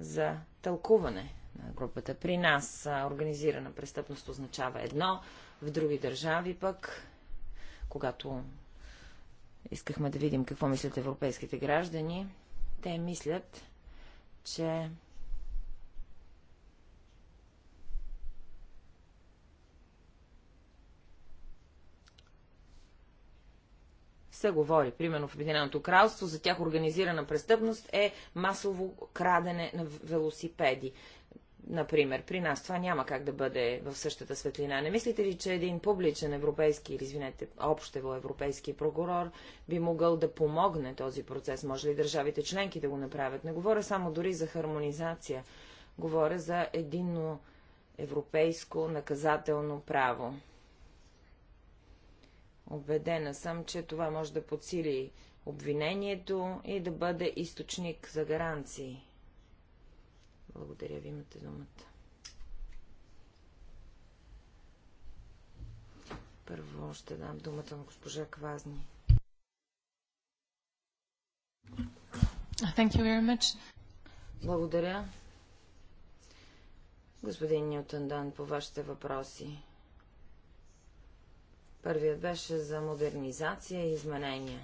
за тълкуване на групата. При нас организирана престъпност означава едно, в други държави пък, когато искахме да видим какво мислят европейските граждани, те мислят, че се говори. Примерно в Обединеното кралство за тях организирана престъпност е масово крадене на велосипеди. Например, при нас това няма как да бъде в същата светлина. Не мислите ли, че един публичен европейски, или извинете, общево европейски прокурор би могъл да помогне този процес? Може ли държавите членки да го направят? Не говоря само дори за хармонизация. Говоря за единно европейско наказателно право. Обедена съм, че това може да подсили обвинението и да бъде източник за гаранции. Благодаря ви, имате думата. Първо ще дам думата на госпожа Квазни. Thank you very much. Благодаря. Господин Ньютон Дан, по вашите въпроси. Първият беше за модернизация и изменения.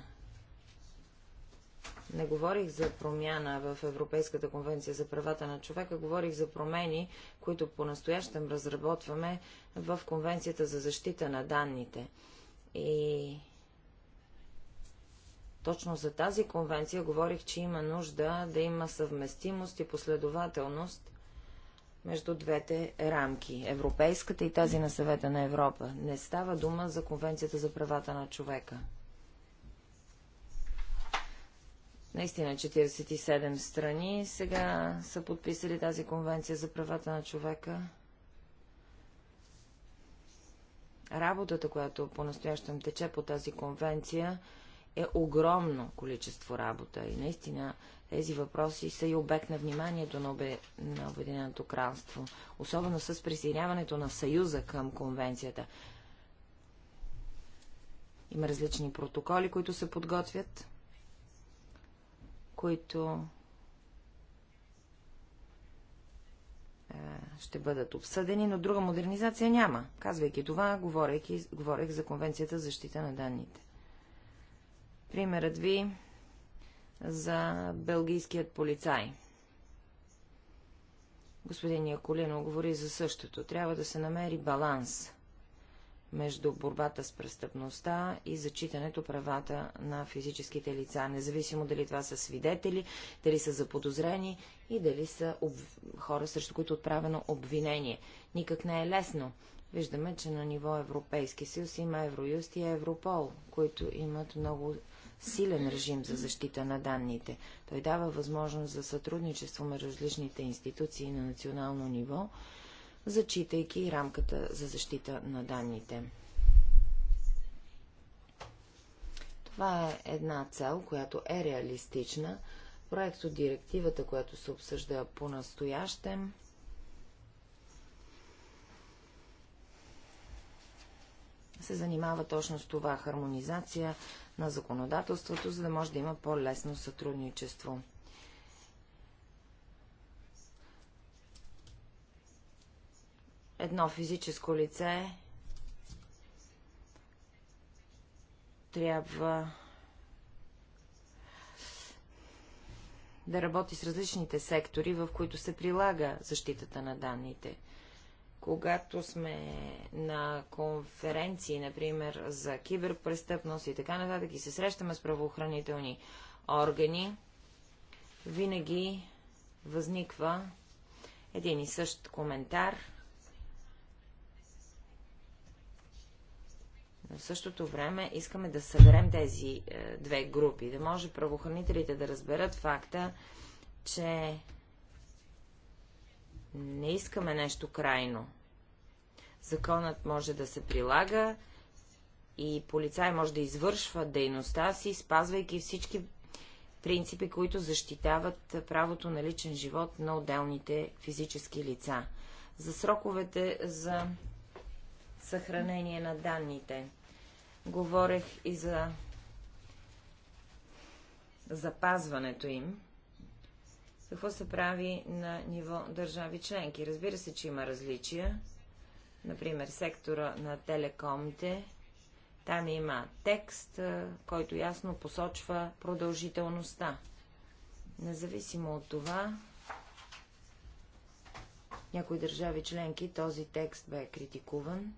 Не говорих за промяна в Европейската конвенция за правата на човека, говорих за промени, които по-настоящем разработваме в Конвенцията за защита на данните. И точно за тази конвенция говорих, че има нужда да има съвместимост и последователност между двете рамки – европейската и тази на съвета на Европа. Не става дума за Конвенцията за правата на човека. Наистина 47 страни сега са подписали тази конвенция за правата на човека. Работата, която по-настоящем тече по тази конвенция, е огромно количество работа и наистина тези въпроси са и обект на вниманието на, обе... на Обединеното кралство, особено с присъединяването на Съюза към конвенцията. Има различни протоколи, които се подготвят, които е, ще бъдат обсъдени, но друга модернизация няма. Казвайки това, говорех, говорех за Конвенцията за защита на данните. Примерът ви за белгийският полицай. Господин Яколино говори за същото. Трябва да се намери баланс между борбата с престъпността и зачитането правата на физическите лица, независимо дали това са свидетели, дали са заподозрени и дали са об... хора, срещу които е отправено обвинение. Никак не е лесно. Виждаме, че на ниво Европейски съюз има Евроюст и Европол, които имат много силен режим за защита на данните. Той дава възможност за сътрудничество между различните институции на национално ниво, зачитайки рамката за защита на данните. Това е една цел, която е реалистична. Проект от директивата, която се обсъжда по-настоящем, се занимава точно с това – хармонизация на законодателството, за да може да има по-лесно сътрудничество. Едно физическо лице трябва да работи с различните сектори, в които се прилага защитата на данните – когато сме на конференции, например, за киберпрестъпност и така нататък, и се срещаме с правоохранителни органи, винаги възниква един и същ коментар. Но в същото време искаме да съберем тези е, две групи, да може правоохранителите да разберат факта, че не искаме нещо крайно. Законът може да се прилага и полицай може да извършва дейността си, спазвайки всички принципи, които защитават правото на личен живот на отделните физически лица. За сроковете за съхранение на данните. Говорех и за запазването им какво се прави на ниво държави членки. Разбира се, че има различия. Например, сектора на телекомите. Там има текст, който ясно посочва продължителността. Независимо от това, някои държави членки този текст бе критикуван.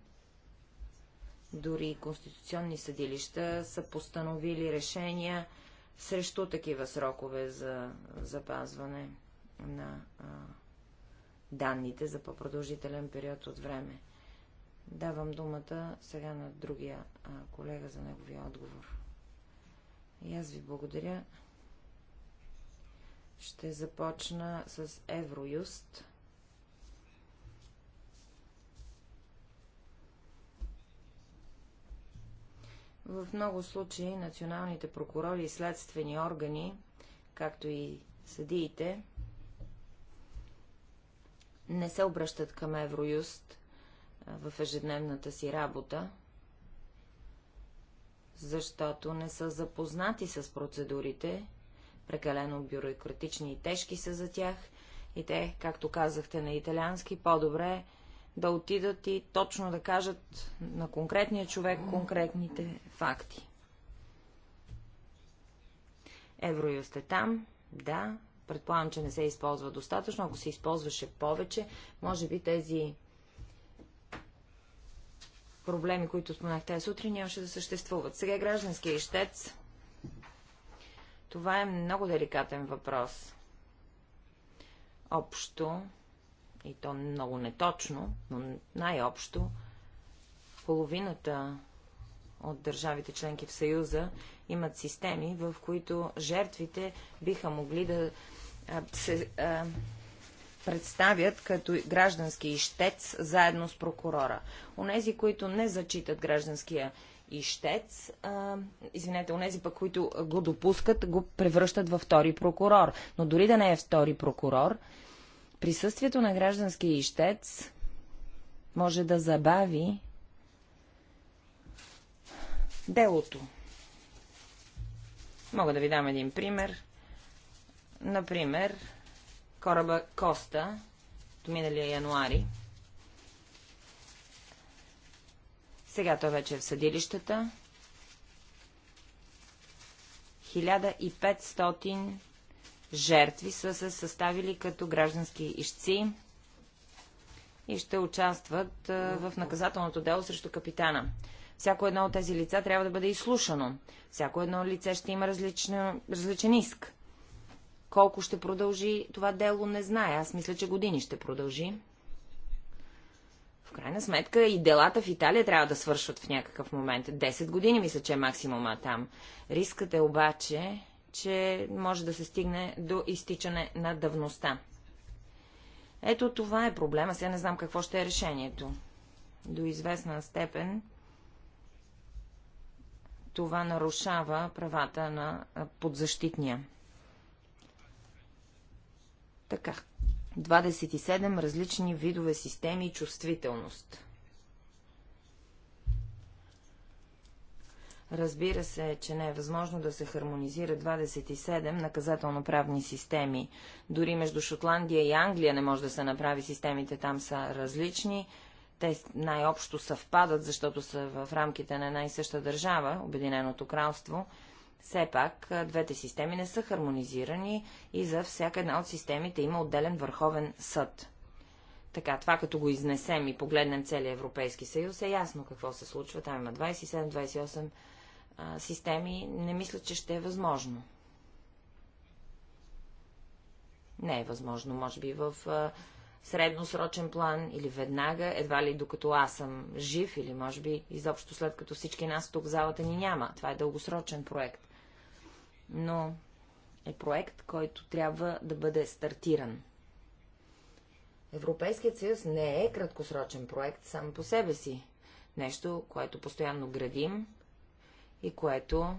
Дори конституционни съдилища са постановили решения, срещу такива срокове за запазване на а, данните за по-продължителен период от време. Давам думата сега на другия а, колега за неговия отговор. И аз ви благодаря. Ще започна с Евроюст. В много случаи националните прокурори и следствени органи, както и съдиите, не се обръщат към Евроюст в ежедневната си работа, защото не са запознати с процедурите, прекалено бюрократични и тежки са за тях, и те, както казахте на италиански, по-добре да отидат и точно да кажат на конкретния човек конкретните факти. Евроюст е там, да, предполагам, че не се използва достатъчно. Ако се използваше повече, може би тези проблеми, които споменах тази сутрин, нямаше да съществуват. Сега е гражданския ищец. Това е много деликатен въпрос. Общо и то много неточно, но най-общо, половината от държавите членки в Съюза имат системи, в които жертвите биха могли да се а, представят като граждански ищец заедно с прокурора. Онези, които не зачитат гражданския ищец, а, извинете, онези пък, които го допускат, го превръщат във втори прокурор. Но дори да не е втори прокурор, Присъствието на граждански ищец може да забави делото. Мога да ви дам един пример. Например, кораба Коста до миналия януари. Сега той вече е в съдилищата. 1500 жертви са се съставили като граждански ищци и ще участват в наказателното дело срещу капитана. Всяко едно от тези лица трябва да бъде изслушано. Всяко едно лице ще има различна, различен иск. Колко ще продължи това дело, не знае. Аз мисля, че години ще продължи. В крайна сметка и делата в Италия трябва да свършват в някакъв момент. Десет години мисля, че е максимума там. Рискът е обаче че може да се стигне до изтичане на давността. Ето това е проблема. Сега не знам какво ще е решението. До известна степен това нарушава правата на подзащитния. Така. 27 различни видове системи и чувствителност. Разбира се, че не е възможно да се хармонизира 27 наказателно-правни системи. Дори между Шотландия и Англия не може да се направи. Системите там са различни. Те най-общо съвпадат, защото са в рамките на една и съща държава, Обединеното кралство. Все пак, двете системи не са хармонизирани и за всяка една от системите има отделен върховен съд. Така, това като го изнесем и погледнем целия Европейски съюз, е ясно какво се случва. Там има 27, 28 системи, не мисля, че ще е възможно. Не е възможно, може би в а, средносрочен план или веднага, едва ли докато аз съм жив или може би изобщо след като всички нас тук в залата ни няма. Това е дългосрочен проект. Но е проект, който трябва да бъде стартиран. Европейският съюз не е краткосрочен проект сам по себе си. Нещо, което постоянно градим и което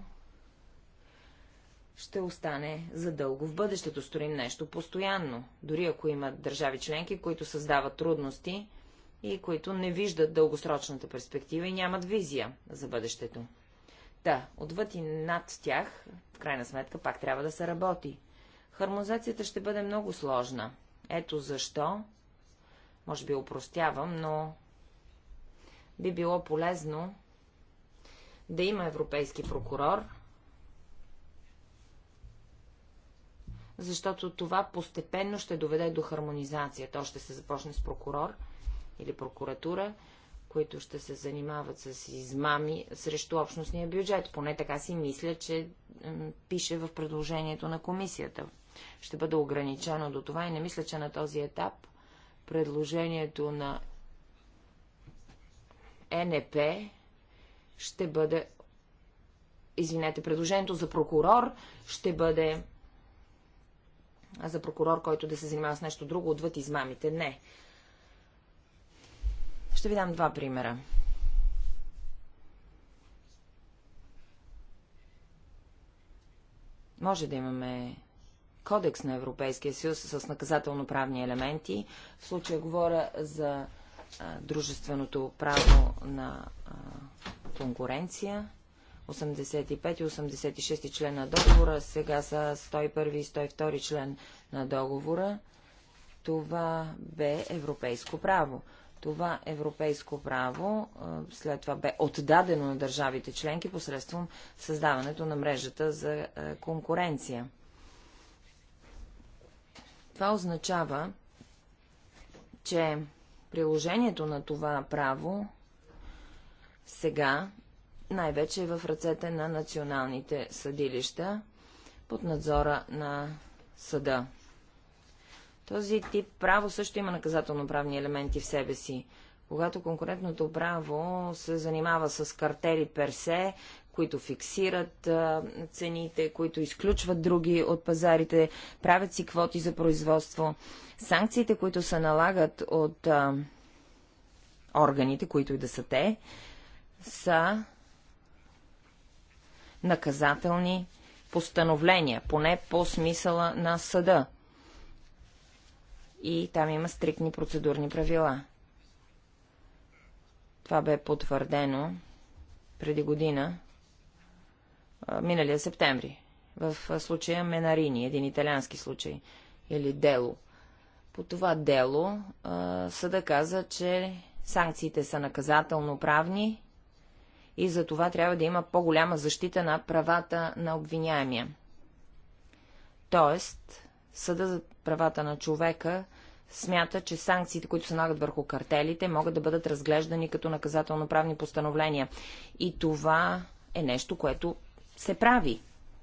ще остане задълго в бъдещето. Сторим нещо постоянно, дори ако има държави членки, които създават трудности и които не виждат дългосрочната перспектива и нямат визия за бъдещето. Да, отвъд и над тях, в крайна сметка, пак трябва да се работи. Хармонизацията ще бъде много сложна. Ето защо, може би опростявам, но би било полезно да има европейски прокурор, защото това постепенно ще доведе до хармонизация. То ще се започне с прокурор или прокуратура, които ще се занимават с измами срещу общностния бюджет. Поне така си мисля, че пише в предложението на комисията. Ще бъде ограничено до това и не мисля, че на този етап предложението на НП ще бъде, извинете, предложението за прокурор ще бъде за прокурор, който да се занимава с нещо друго отвъд измамите. Не. Ще ви дам два примера. Може да имаме кодекс на Европейския съюз с наказателно-правни елементи. В случая говоря за а, дружественото право на а, конкуренция. 85 и 86 член на договора, сега са 101 и 102 член на договора. Това бе европейско право. Това европейско право след това бе отдадено на държавите членки посредством създаването на мрежата за конкуренция. Това означава, че приложението на това право сега най-вече в ръцете на националните съдилища под надзора на съда. Този тип право също има наказателно-правни елементи в себе си. Когато конкурентното право се занимава с картели персе, които фиксират цените, които изключват други от пазарите, правят си квоти за производство. Санкциите, които се налагат от органите, които и да са те, са наказателни постановления, поне по смисъла на съда. И там има стрикни процедурни правила. Това бе потвърдено преди година, миналия септември, в случая Менарини, един италиански случай, или дело. По това дело съда каза, че санкциите са наказателно-правни и за това трябва да има по-голяма защита на правата на обвиняемия. Тоест, Съда за правата на човека смята, че санкциите, които се налагат върху картелите, могат да бъдат разглеждани като наказателно-правни постановления. И това е нещо, което се прави.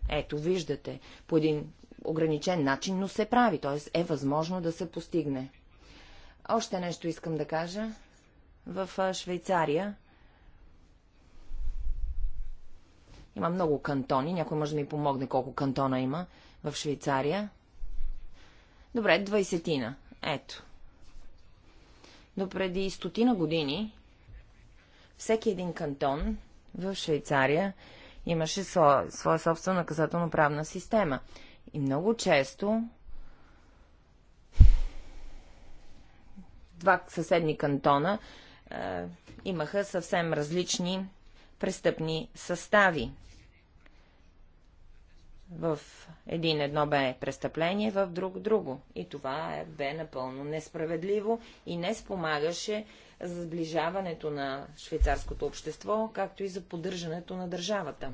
Ето, виждате, по един ограничен начин, но се прави, т.е. е възможно да се постигне. Още нещо искам да кажа. В Швейцария Има много кантони. Някой може да ми помогне колко кантона има в Швейцария. Добре, двайсетина. Ето. До преди стотина години всеки един кантон в Швейцария имаше своя, своя собствена наказателно-правна система. И много често два съседни кантона е, имаха съвсем различни престъпни състави. В един едно бе престъпление, в друг друго. И това е, бе напълно несправедливо и не спомагаше за сближаването на швейцарското общество, както и за поддържането на държавата.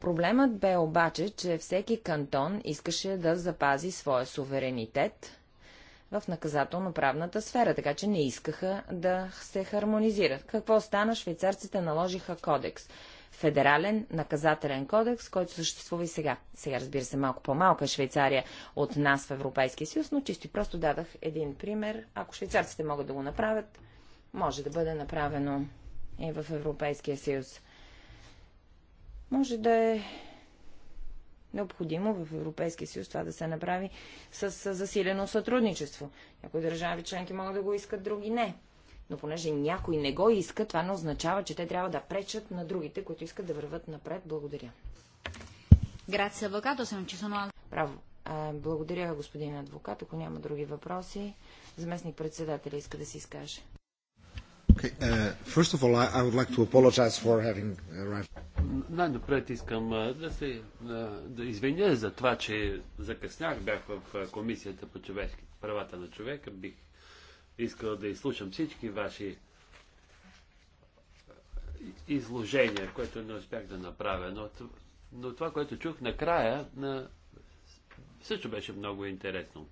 Проблемът бе обаче, че всеки кантон искаше да запази своя суверенитет в наказателно-правната сфера, така че не искаха да се хармонизират. Какво стана? Швейцарците наложиха кодекс. Федерален наказателен кодекс, който съществува и сега. Сега, разбира се, малко по-малка е Швейцария от нас в Европейския съюз, но чисто и просто дадах един пример. Ако швейцарците могат да го направят, може да бъде направено и в Европейския съюз. Може да е необходимо в Европейския съюз това да се направи с засилено сътрудничество. Някои държави членки могат да го искат, други не. Но понеже някой не го иска, това не означава, че те трябва да пречат на другите, които искат да върват напред. Благодаря. Грация, авокато съм, че Право. Благодаря, господин адвокат. Ако няма други въпроси, заместник председателя иска да си изкаже. Okay, uh, first of all, I, I would like to apologize for having arrived. Uh, Най-напред искам да се да извиня за това, че закъснях. Бях в Комисията по човешки, правата на човека. Бих искал да изслушам всички ваши изложения, което не успях да направя. Но, но това, което чух накрая, на... също беше много интересно.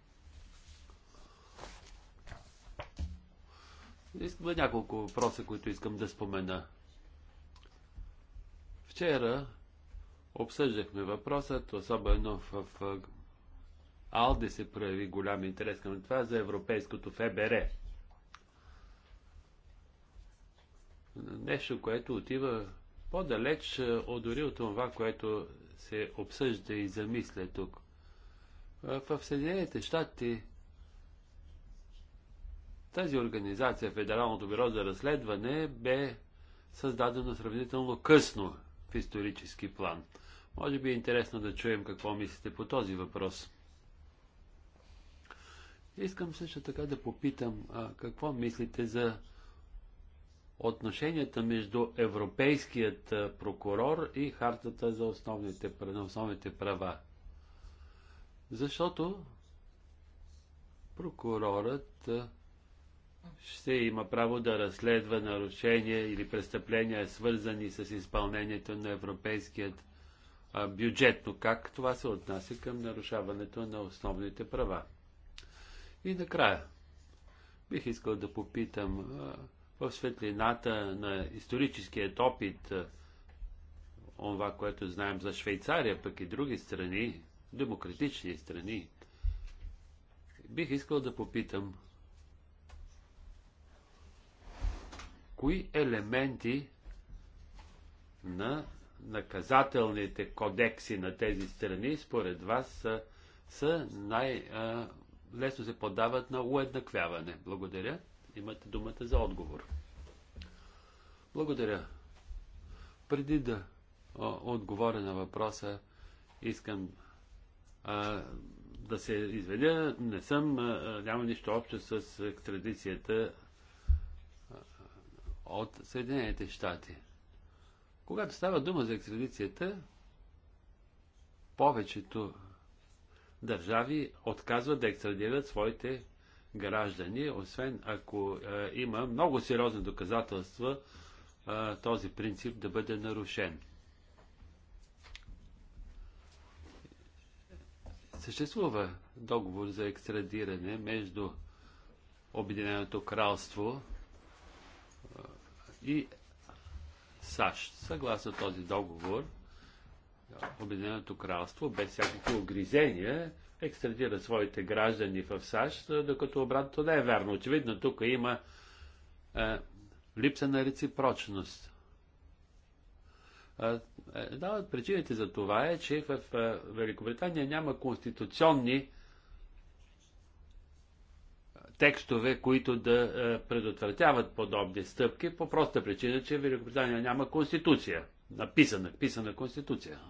Искам няколко въпроса, които искам да спомена. Вчера обсъждахме въпросът, особено в, в Алде се прояви голям интерес към това за европейското ФБР. Нещо, което отива по-далеч от дори от това, което се обсъжда и замисля тук. В Съединените щати тази организация, Федералното бюро за разследване, бе създадено сравнително късно в исторически план. Може би е интересно да чуем какво мислите по този въпрос. Искам също така да попитам а, какво мислите за отношенията между европейският прокурор и хартата за основните, на основните права. Защото прокурорът ще има право да разследва нарушения или престъпления, свързани с изпълнението на европейският бюджет, но как това се отнася към нарушаването на основните права. И накрая, бих искал да попитам в светлината на историческият опит, това, което знаем за Швейцария, пък и други страни, демократични страни, бих искал да попитам кои елементи на наказателните кодекси на тези страни според вас са, са най-лесно се подават на уеднаквяване? Благодаря. Имате думата за отговор. Благодаря. Преди да отговоря на въпроса, искам а, да се изведя. Не съм, а, няма нищо общо с традицията от Съединените щати. Когато става дума за екстрадицията, повечето държави отказват да екстрадират своите граждани, освен ако е, има много сериозни доказателства е, този принцип да бъде нарушен. Съществува договор за екстрадиране между Обединеното кралство и САЩ. Съгласно този договор, Обединеното кралство, без всякакви огризения, екстрадира своите граждани в САЩ, докато обратното не е вярно. Очевидно, тук има е, липса на реципрочност. Е, е, една от причините за това е, че в е, Великобритания няма конституционни текстове, които да е, предотвратяват подобни стъпки, по проста причина, че Великобритания няма конституция. Написана, писана конституция.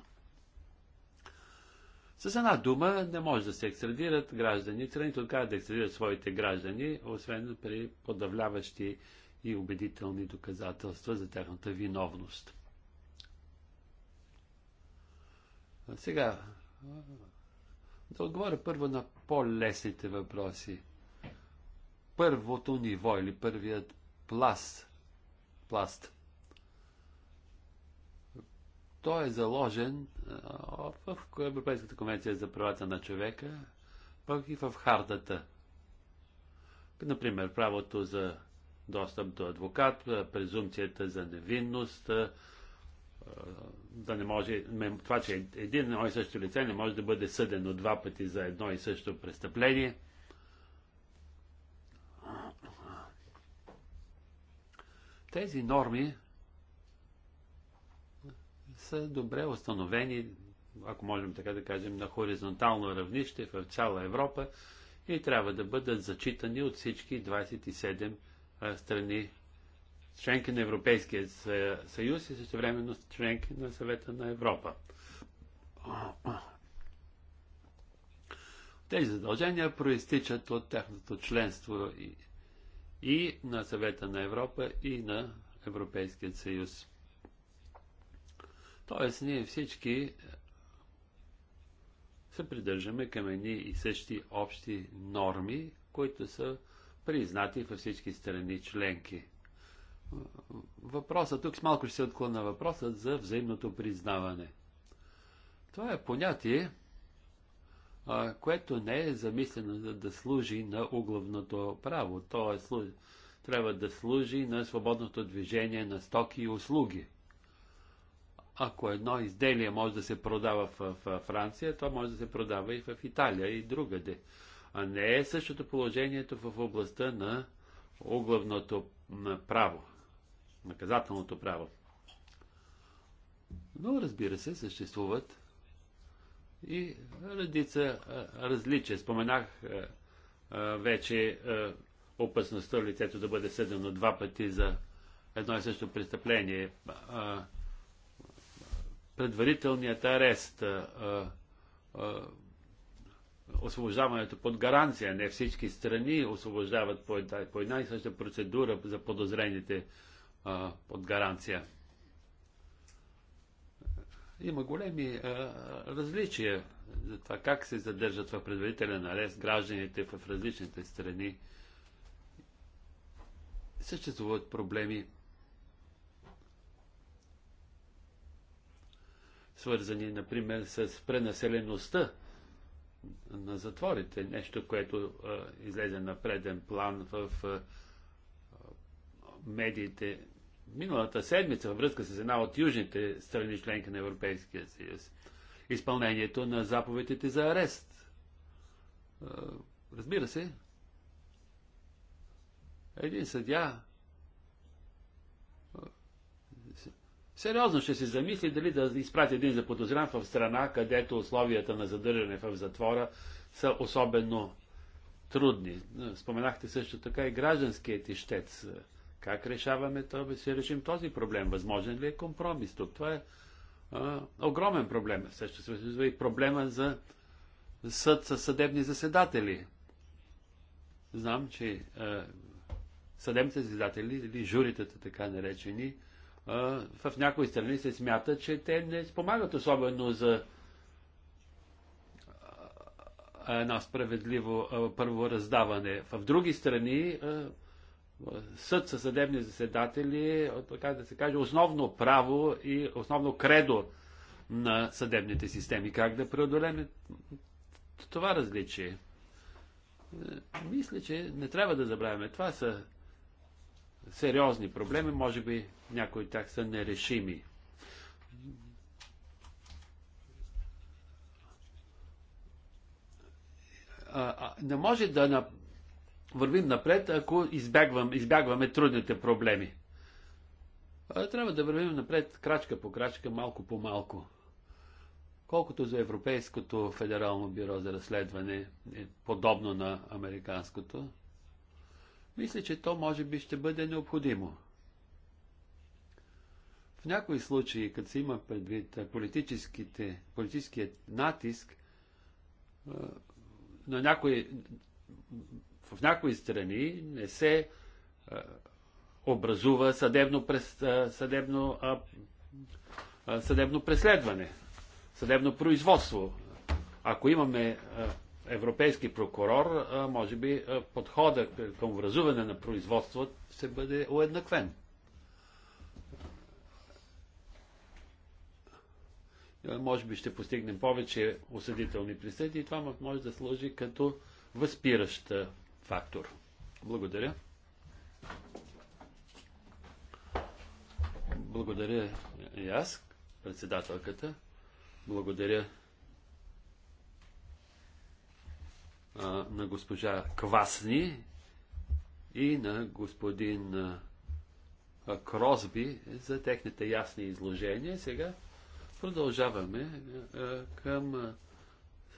С една дума не може да се екстрадират граждани. Страните отказват да екстрадират своите граждани, освен при подавляващи и убедителни доказателства за тяхната виновност. А сега да отговоря първо на по-лесните въпроси първото ниво или първият пласт. пласт. Той е заложен в Европейската конвенция за правата на човека, пък и в хартата. Например, правото за достъп до адвокат, презумцията за невинност, да не може, това, че един и същото лице не може да бъде съдено два пъти за едно и също престъпление – Тези норми са добре установени, ако можем така да кажем, на хоризонтално равнище в цяла Европа и трябва да бъдат зачитани от всички 27 страни членки на Европейския съюз и също времено членки на съвета на Европа. Тези задължения проистичат от тяхното членство и и на съвета на Европа и на Европейският съюз. Тоест, ние всички се придържаме към едни и същи общи норми, които са признати във всички страни членки. Въпросът, тук с малко ще се отклона въпросът за взаимното признаване. Това е понятие, а, което не е замислено за да служи на углавното право. То е, трябва да служи на свободното движение на стоки и услуги. Ако едно изделие може да се продава в, в Франция, то може да се продава и в Италия и другаде. А не е същото положението в областта на углавното право, наказателното право. Но разбира се, съществуват и редица различия. Споменах вече опасността лицето да бъде съдено два пъти за едно и също престъпление. Предварителният арест, освобождаването под гаранция. Не всички страни освобождават по една, по една и съща процедура за подозрените под гаранция. Има големи различия за това как се задържат в предварителен арест гражданите в различните страни. Съществуват проблеми, свързани, например, с пренаселеността на затворите, нещо, което а, излезе на преден план в а, медиите миналата седмица във връзка с една от южните страни членки на Европейския съюз. Изпълнението на заповедите за арест. Разбира се, един съдя сериозно ще се замисли дали да изпрати един заподозран в страна, където условията на задържане в затвора са особено трудни. Споменахте също така и гражданският ищец. Как решаваме това? си решим този проблем. Възможен ли е компромис тук? Това е а, огромен проблем. Също се и проблема за съд със съдебни заседатели. Знам, че а, съдебните заседатели или журитата, така наречени, а, в някои страни се смята, че те не спомагат особено за едно справедливо първо раздаване. В други страни съд със съдебни заседатели, така да се каже, основно право и основно кредо на съдебните системи. Как да преодолем това различие? Е, мисля, че не трябва да забравяме. Това са сериозни проблеми, може би някои от тях са нерешими. не може да вървим напред, ако избягвам, избягваме трудните проблеми. А, трябва да вървим напред крачка по крачка, малко по малко. Колкото за Европейското федерално бюро за разследване, е подобно на американското, мисля, че то може би ще бъде необходимо. В някои случаи, като се има предвид политическите, политическият натиск, на някои в някои страни не се е, образува съдебно, е, съдебно, е, съдебно преследване, съдебно производство. Ако имаме европейски прокурор, може би подхода към образуване на производство ще бъде уеднаквен. Може би ще постигнем повече осъдителни присъди и това може да служи като възпираща фактор. Благодаря. Благодаря и аз, председателката. Благодаря а, на госпожа Квасни и на господин а, Кросби за техните ясни изложения. Сега продължаваме а, към а,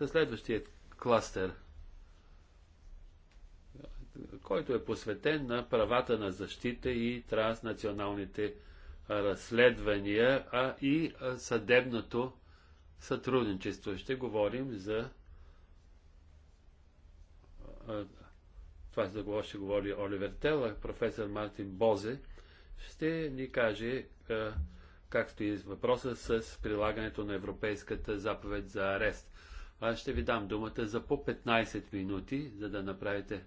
следващия кластер – който е посветен на правата на защита и транснационалните разследвания, а и съдебното сътрудничество. Ще говорим за това за кого ще говори Оливер Тела, професор Мартин Бозе, ще ни каже как стои въпроса с прилагането на Европейската заповед за арест. Аз ще ви дам думата за по 15 минути, за да направите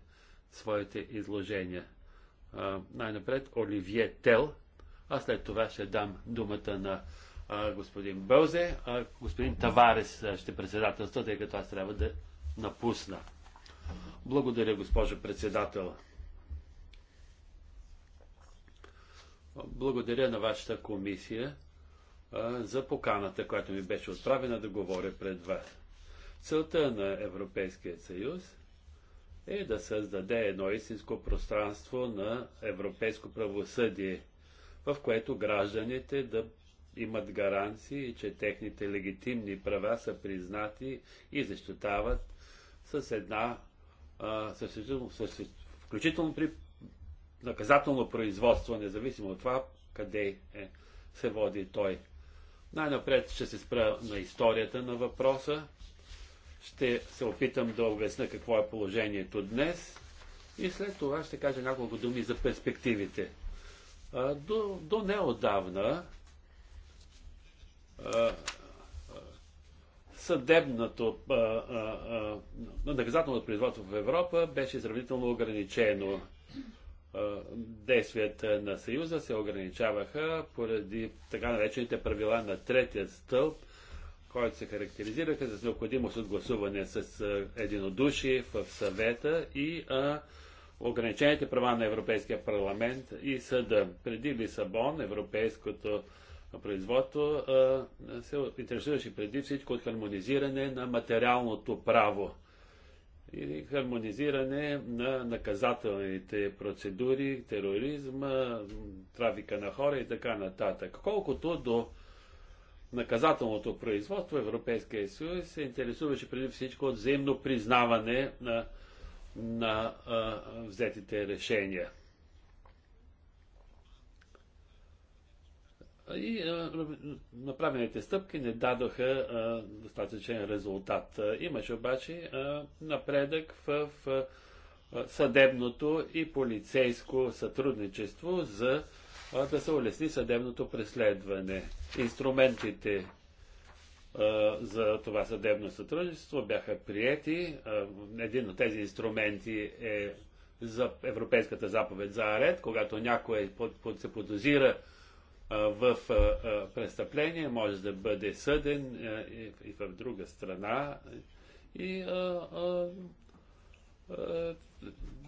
своите изложения. Най-напред Оливие Тел, а след това ще дам думата на а, господин Бълзе, а господин Таварес ще председателства, тъй като аз трябва да напусна. Благодаря, госпожо председател. Благодаря на вашата комисия а, за поканата, която ми беше отправена да говоря пред вас. Целта на Европейския съюз е да създаде едно истинско пространство на европейско правосъдие, в което гражданите да имат гаранции, че техните легитимни права са признати и защитават с една а, включително при наказателно производство, независимо от това къде е, се води той. Най-напред ще се спра на историята на въпроса, ще се опитам да обясня какво е положението днес и след това ще кажа няколко думи за перспективите. А, до, до неодавна а, съдебното а, а, а, наказателното производство в Европа беше сравнително ограничено. действията на Съюза се ограничаваха поради така наречените правила на третия стълб който се характеризираха за необходимост от гласуване с единодушие в съвета и а, ограничените права на Европейския парламент и съда. Преди Лисабон, европейското производство а, се интересуваше преди всичко от хармонизиране на материалното право и хармонизиране на наказателните процедури, тероризма, трафика на хора и така нататък. Колкото до наказателното производство Европейския съюз се интересуваше преди всичко от взаимно признаване на, на а, взетите решения. И а, направените стъпки не дадоха а, достатъчен резултат. Имаше обаче а, напредък в, в съдебното и полицейско сътрудничество за да се улесни съдебното преследване. Инструментите за това съдебно сътрудничество бяха приети. Един от тези инструменти е за Европейската заповед за арет, когато някой се подозира в престъпление, може да бъде съден и, в друга страна. И е,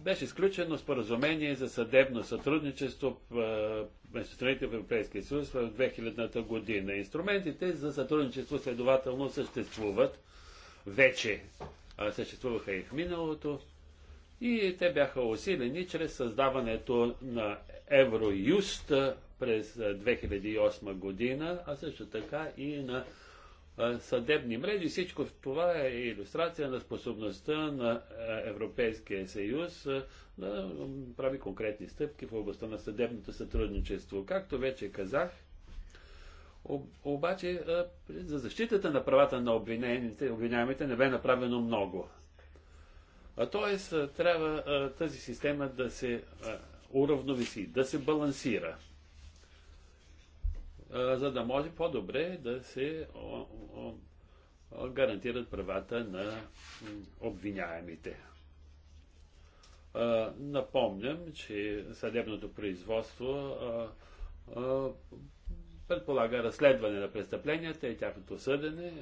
беше изключено споразумение за съдебно сътрудничество е, между страните в Европейския съюз в 2000-та година. Инструментите за сътрудничество следователно съществуват. Вече съществуваха и в миналото. И те бяха усилени чрез създаването на Евроюст през 2008 е, година, а също така и на съдебни мрежи. Всичко това е иллюстрация на способността на Европейския съюз да прави конкретни стъпки в областта на съдебното сътрудничество. Както вече казах, обаче за защитата на правата на обвинените, обвиняемите не бе направено много. Тоест, т.е. трябва тази система да се уравновеси, да се балансира за да може по-добре да се гарантират правата на обвиняемите. Напомням, че съдебното производство предполага разследване на престъпленията и тяхното съдене,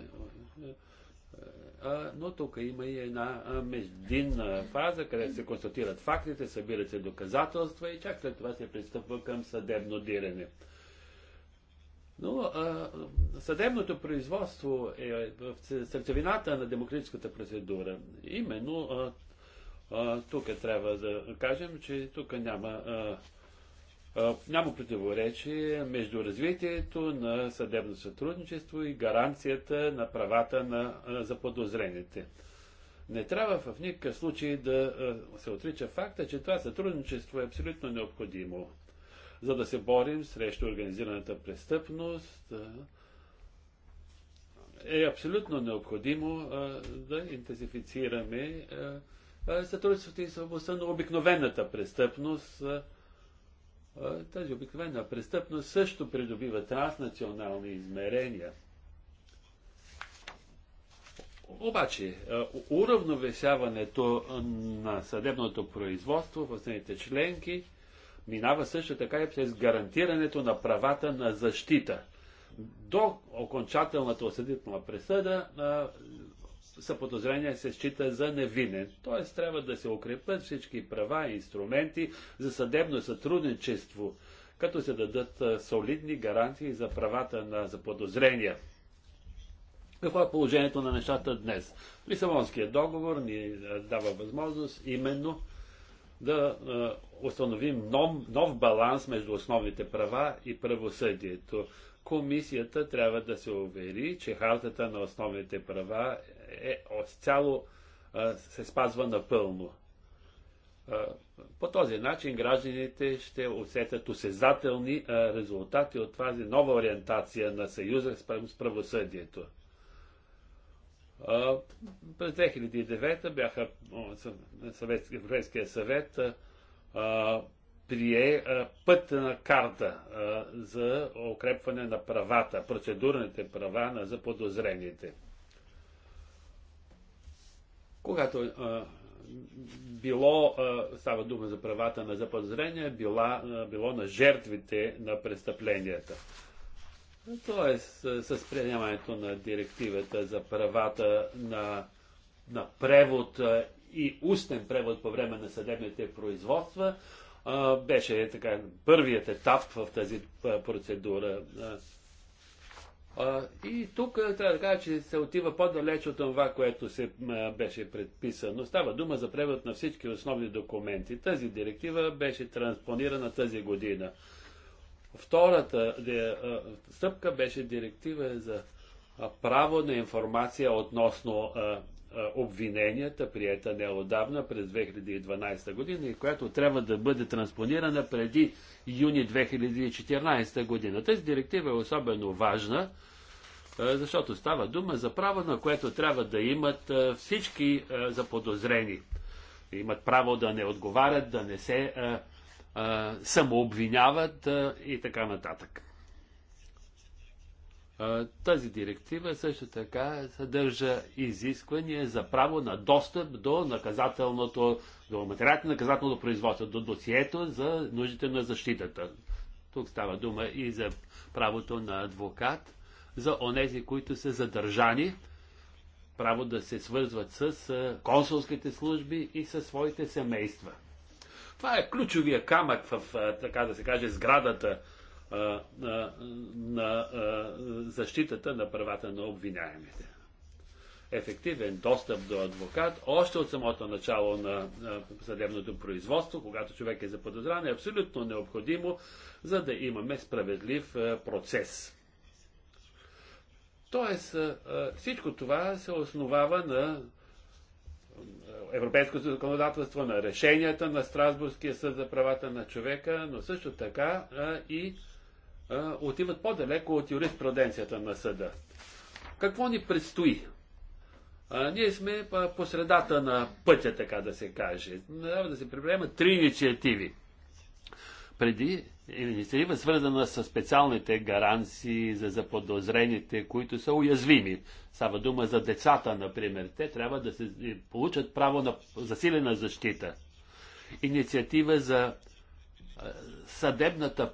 но тук има и една междинна фаза, където се констатират фактите, събират се доказателства и чак след това се пристъпва към съдебно дирене. Но а, съдебното производство е в сърцевината на демократическата процедура. Именно а, а, тук е трябва да кажем, че тук няма, а, а, няма противоречие между развитието на съдебно сътрудничество и гаранцията на правата на а, заподозрените. Не трябва в никакъв случай да се отрича факта, че това сътрудничество е абсолютно необходимо за да се борим срещу организираната престъпност, е абсолютно необходимо да интенсифицираме сътрудничеството и съвместта на обикновената престъпност. Тази обикновена престъпност също придобива транснационални измерения. Обаче, уравновесяването на съдебното производство в страните членки – минава също така и през гарантирането на правата на защита. До окончателната осъдителна присъда съподозрение се счита за невинен. Т.е. трябва да се укрепят всички права и инструменти за съдебно сътрудничество, като се дадат солидни гарантии за правата на заподозрения. Какво е положението на нещата днес? Лисабонският договор ни дава възможност именно да е, установим нов, нов баланс между основните права и правосъдието. Комисията трябва да се увери, че хартата на основните права е, е цяло е, се спазва напълно. По този начин гражданите ще усетят осезателни резултати от тази нова ориентация на Съюза с правосъдието. През 2009 бяха съвет, Европейския съвет прие път пътна карта за укрепване на правата, процедурните права на заподозрените. Когато било, става дума за правата на заподозрения, било на жертвите на престъпленията. Тоест, с приемането на директивата за правата на, на превод и устен превод по време на съдебните производства, беше така първият етап в тази процедура. И тук трябва да кажа, че се отива по-далеч от това, което се беше предписано. Става дума за превод на всички основни документи. Тази директива беше транспонирана тази година. Втората стъпка беше директива за право на информация относно обвиненията, приета неодавна през 2012 година и която трябва да бъде транспонирана преди юни 2014 година. Тази директива е особено важна, защото става дума за право, на което трябва да имат всички заподозрени. Имат право да не отговарят, да не се самообвиняват и така нататък. Тази директива също така съдържа изисквания за право на достъп до наказателното, до материалите на наказателното производство, до досието за нуждите на защитата. Тук става дума и за правото на адвокат, за онези, които са задържани, право да се свързват с консулските служби и със своите семейства. Това е ключовия камък в, така да се каже, сградата на, на, на защитата на правата на обвиняемите. Ефективен достъп до адвокат още от самото начало на, на съдебното производство, когато човек е заподозран, е абсолютно необходимо, за да имаме справедлив процес. Тоест, всичко това се основава на европейското законодателство, на решенията на Страсбургския съд за правата на човека, но също така а, и а, отиват по-далеко от юриспруденцията на съда. Какво ни предстои? А, ние сме по средата на пътя, така да се каже. Трябва да се приемат три инициативи преди инициатива, свързана с специалните гаранции за заподозрените, които са уязвими. Става дума за децата, например. Те трябва да се получат право на засилена защита. Инициатива за съдебната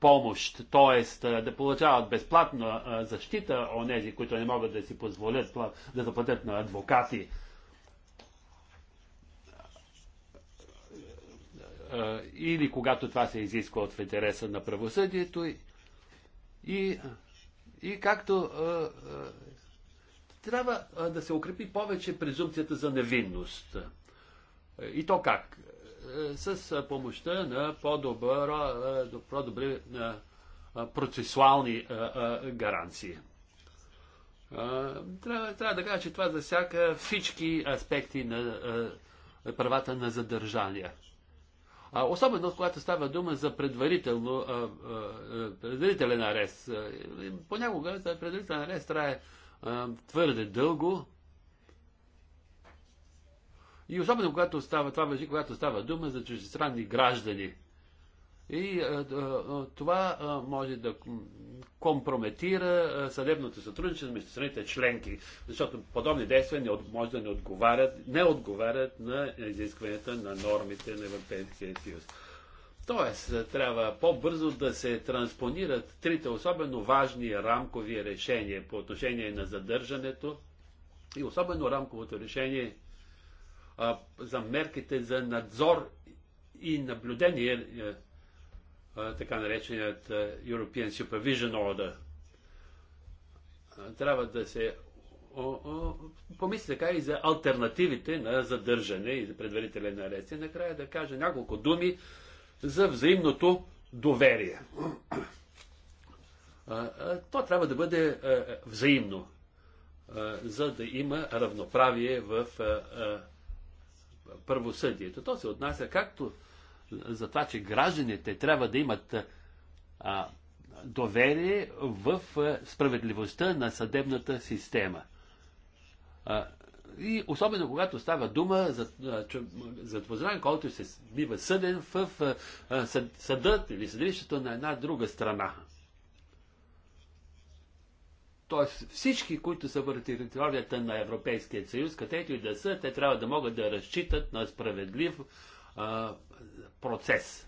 помощ, т.е. да получават безплатна защита онези, които не могат да си позволят да заплатят на адвокати или когато това се изисква от интереса на правосъдието и, и, и както трябва да се укрепи повече презумпцията за невинност. И то как? С помощта на по-добри процесуални гаранции. Трябва, трябва да кажа, че това засяга всички аспекти на правата на задържания. А, особено когато става дума за предварително, а, а, предварителен арест. Понякога предварителен арест трае а, твърде дълго. И особено когато става, това въжи, когато става дума за чуждестранни граждани – и е, е, е, това може да компрометира съдебното сътрудничество между страните членки, защото подобни действия не, може да не отговарят, не отговарят на изискванията на нормите на Европейския съюз. Тоест, трябва по-бързо да се транспонират трите особено важни рамкови решения по отношение на задържането и особено рамковото решение а, за мерките за надзор и наблюдение така нареченият European Supervision Order. Трябва да се помисли така и за альтернативите на задържане и за предварителен арест. И накрая да кажа няколко думи за взаимното доверие. То трябва да бъде взаимно, за да има равноправие в правосъдието. То се отнася както за това, че гражданите трябва да имат а, доверие в справедливостта на съдебната система. А, и особено когато става дума за, за Твозран, който се бива съден в а, съд, съдът или съдилището на една друга страна. Тоест всички, които са върху територията на Европейския съюз, където и да са, те трябва да могат да разчитат на справедлив процес.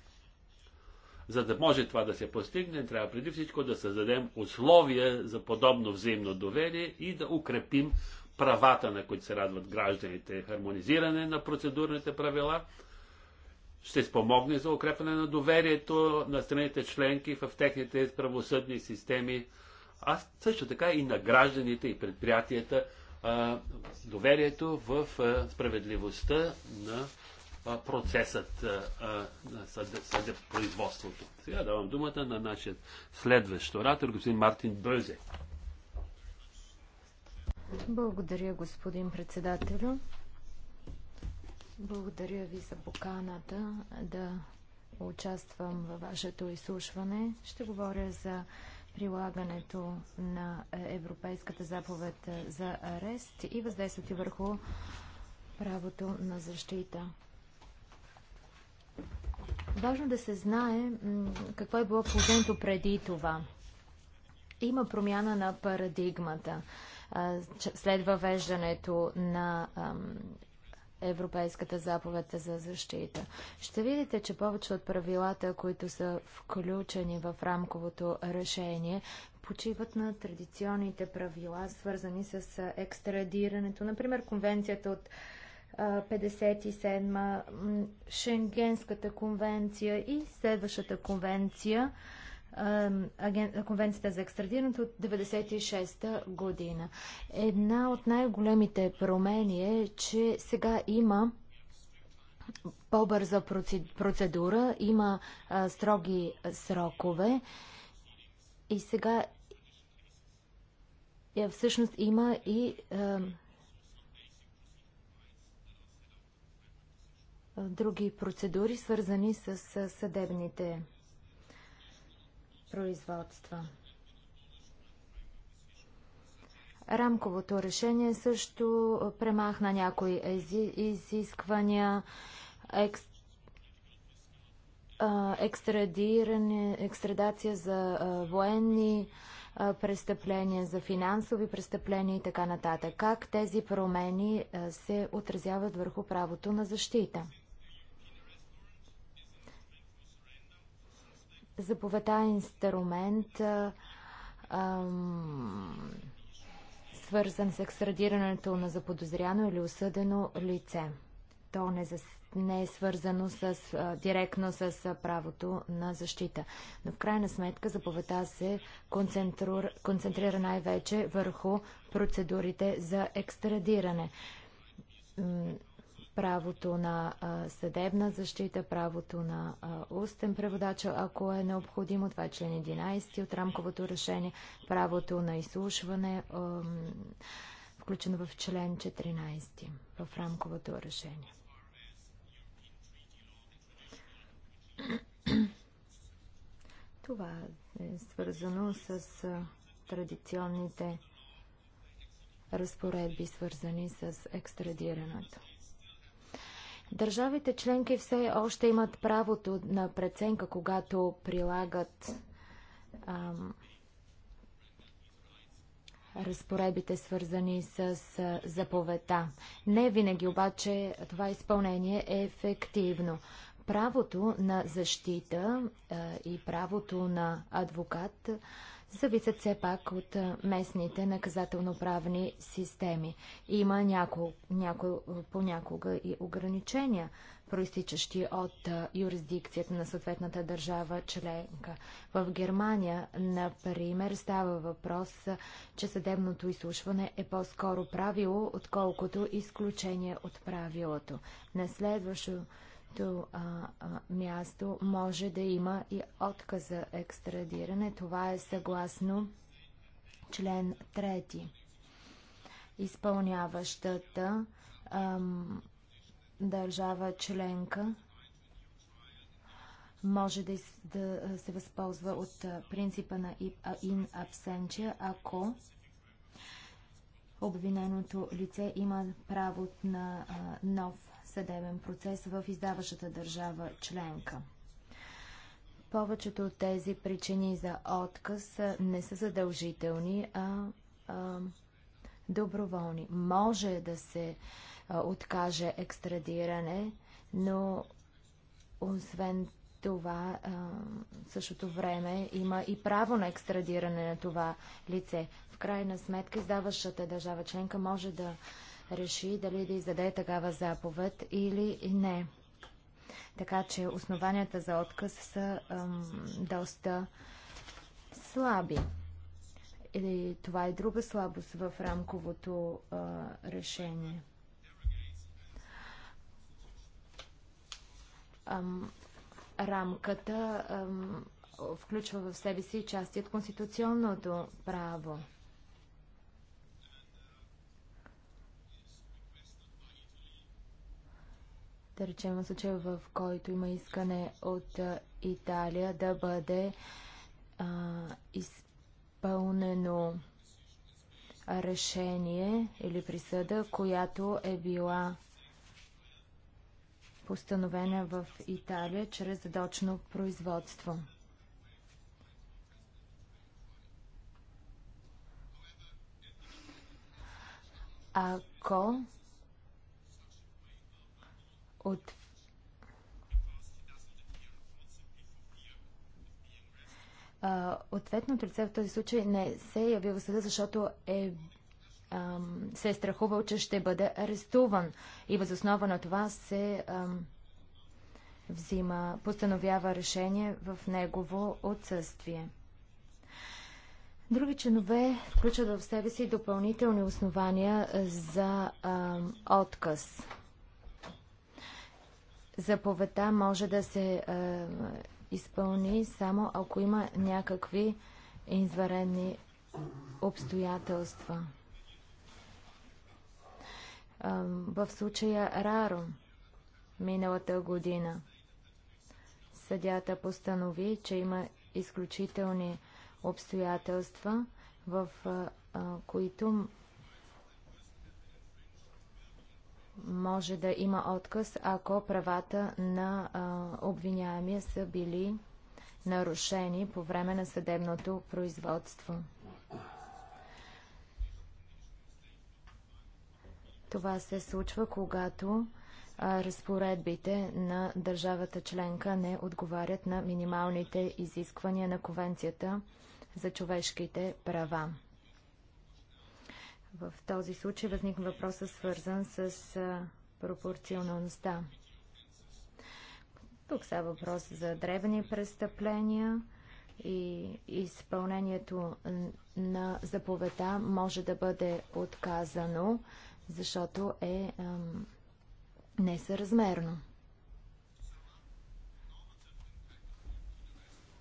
За да може това да се постигне, трябва преди всичко да създадем условия за подобно взаимно доверие и да укрепим правата, на които се радват гражданите. Хармонизиране на процедурните правила ще спомогне за укрепване на доверието на страните членки в техните правосъдни системи, а също така и на гражданите и предприятията доверието в справедливостта на процесът на производството. Сега давам думата на нашия следващ оратор, господин Мартин Бълзе. Благодаря, господин председателю. Благодаря ви за поканата да участвам във вашето изслушване. Ще говоря за прилагането на Европейската заповед за арест и въздействието върху правото на защита. Важно да се знае какво е било положението преди това. Има промяна на парадигмата след въвеждането на Европейската заповед за защита. Ще видите, че повече от правилата, които са включени в рамковото решение, почиват на традиционните правила, свързани с екстрадирането. Например, конвенцията от 57 Шенгенската конвенция и следващата конвенция Конвенцията за екстрадирането от 1996 година. Една от най-големите промени е, че сега има по-бърза процедура, има строги срокове и сега е, всъщност има и други процедури, свързани с съдебните производства. Рамковото решение също премахна някои изисквания, екс, екстрадиране, екстрадация за военни престъпления, за финансови престъпления и така нататък. Как тези промени се отразяват върху правото на защита? Заповедта е инструмент, а, а, свързан с екстрадирането на заподозряно или осъдено лице. То не, за, не е свързано с, а, директно с а, правото на защита. Но в крайна сметка заповедта се концентрира най-вече върху процедурите за екстрадиране правото на съдебна защита, правото на устен преводач, ако е необходимо, това е член 11 от рамковото решение, правото на изслушване, включено в член 14 в рамковото решение. Това е свързано с традиционните разпоредби, свързани с екстрадирането. Държавите членки все още имат правото на преценка, когато прилагат ам, разпоредбите, свързани с заповедта. Не винаги обаче това изпълнение е ефективно. Правото на защита а, и правото на адвокат а, зависят все пак от местните наказателно-правни системи. Има няко, няко, понякога и ограничения, проистичащи от юрисдикцията на съответната държава членка. В Германия, например, става въпрос, че съдебното изслушване е по-скоро правило, отколкото изключение от правилото. На следващо а, място може да има и отказ за екстрадиране. Това е съгласно член 3. Изпълняващата а, държава членка може да, да се възползва от принципа на in absentia, ако обвиненото лице има право на а, нов съдебен процес в издаващата държава членка. Повечето от тези причини за отказ не са задължителни, а, а доброволни. Може да се а, откаже екстрадиране, но освен това, а, същото време има и право на екстрадиране на това лице. В крайна сметка, издаващата държава членка може да реши дали да издаде такава заповед или не. Така че основанията за отказ са ам, доста слаби. Или това е друга слабост в рамковото а, решение. Ам, рамката ам, включва в себе си части от конституционното право. Да речем случай, в който има искане от Италия да бъде а, изпълнено решение или присъда, която е била постановена в Италия чрез задочно производство. Ако от Ответното лице в този случай не се е явил в съда, защото е се е страхувал, че ще бъде арестуван. И възоснова на това се взима, постановява решение в негово отсъствие. Други чинове включват в себе си допълнителни основания за отказ. Заповедта може да се е, изпълни само ако има някакви изваредни обстоятелства. Е, в случая Раро миналата година съдята постанови, че има изключителни обстоятелства, в е, които може да има отказ, ако правата на а, обвиняемия са били нарушени по време на съдебното производство. Това се случва, когато а, разпоредбите на държавата членка не отговарят на минималните изисквания на Конвенцията за човешките права. В този случай възниква въпроса свързан с пропорционалността. Тук са въпрос за древни престъпления и изпълнението на заповеда може да бъде отказано, защото е ам, несъразмерно.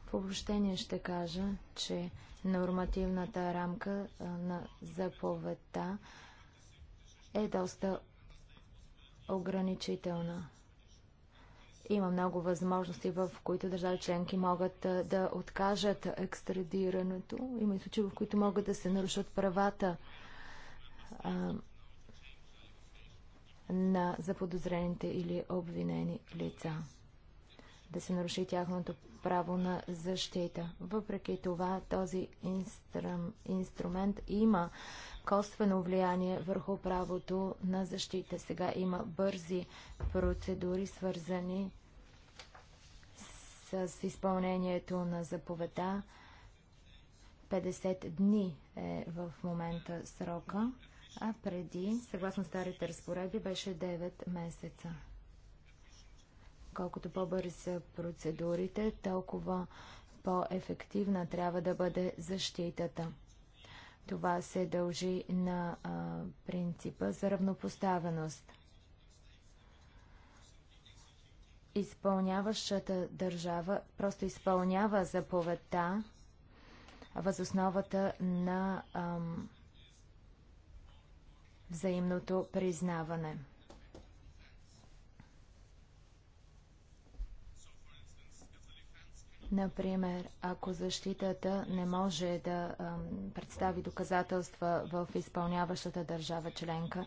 В обобщение ще кажа, че нормативната рамка на заповедта е доста ограничителна. Има много възможности, в които държави членки могат да откажат екстрадирането. Има и случаи, в които могат да се нарушат правата на заподозрените или обвинени лица да се наруши тяхното право на защита. Въпреки това, този инстрам, инструмент има косвено влияние върху правото на защита. Сега има бързи процедури, свързани с изпълнението на заповеда. 50 дни е в момента срока, а преди, съгласно старите разпоредби, беше 9 месеца. Колкото по-бързи са процедурите, толкова по-ефективна трябва да бъде защитата. Това се дължи на а, принципа за равнопоставеност. Изпълняващата държава просто изпълнява заповедта възосновата на ам, взаимното признаване. Например, ако защитата не може да представи доказателства в изпълняващата държава членка,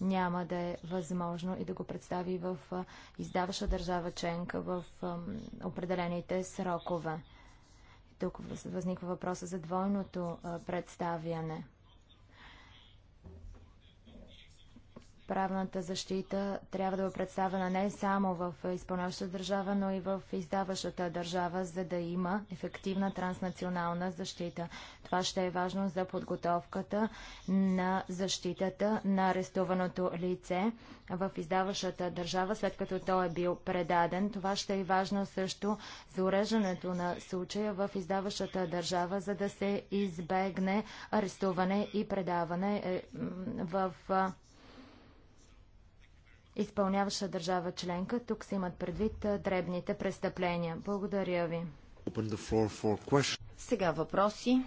няма да е възможно и да го представи в издаваща държава членка в определените срокове. Тук възниква въпроса за двойното представяне. правната защита трябва да бъде представена не само в изпълняващата държава, но и в издаващата държава, за да има ефективна транснационална защита. Това ще е важно за подготовката на защитата на арестуваното лице в издаващата държава, след като той е бил предаден. Това ще е важно също за уреждането на случая в издаващата държава, за да се избегне арестуване и предаване е, в изпълняваща държава членка. Тук се имат предвид дребните престъпления. Благодаря ви. Сега въпроси.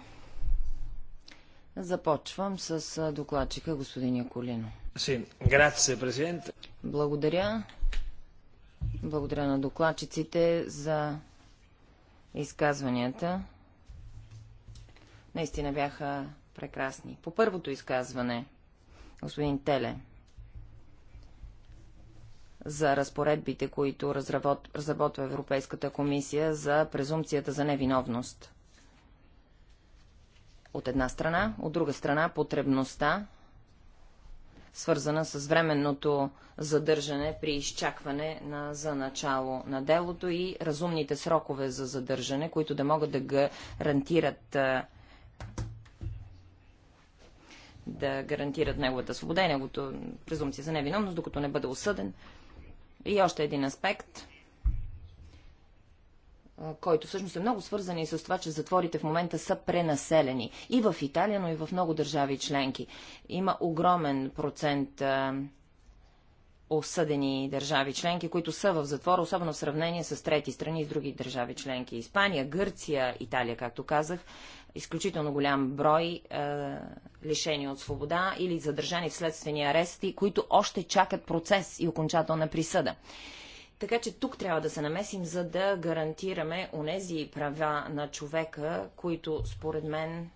Започвам с докладчика господин Яколино. Sí. Благодаря. Благодаря на докладчиците за изказванията. Наистина бяха прекрасни. По първото изказване, господин Теле, за разпоредбите, които разработ... разработва Европейската комисия за презумпцията за невиновност. От една страна, от друга страна потребността, свързана с временното задържане при изчакване на, за начало на делото и разумните срокове за задържане, които да могат да гарантират да гарантират неговата свобода и неговото презумпция за невиновност, докато не бъде осъден. И още един аспект, който всъщност е много свързан и с това, че затворите в момента са пренаселени. И в Италия, но и в много държави членки. Има огромен процент осъдени държави членки, които са в затвора, особено в сравнение с трети страни и с други държави членки. Испания, Гърция, Италия, както казах, изключително голям брой е, лишени от свобода или задържани в следствени арести, които още чакат процес и окончателна присъда. Така че тук трябва да се намесим, за да гарантираме онези права на човека, които според мен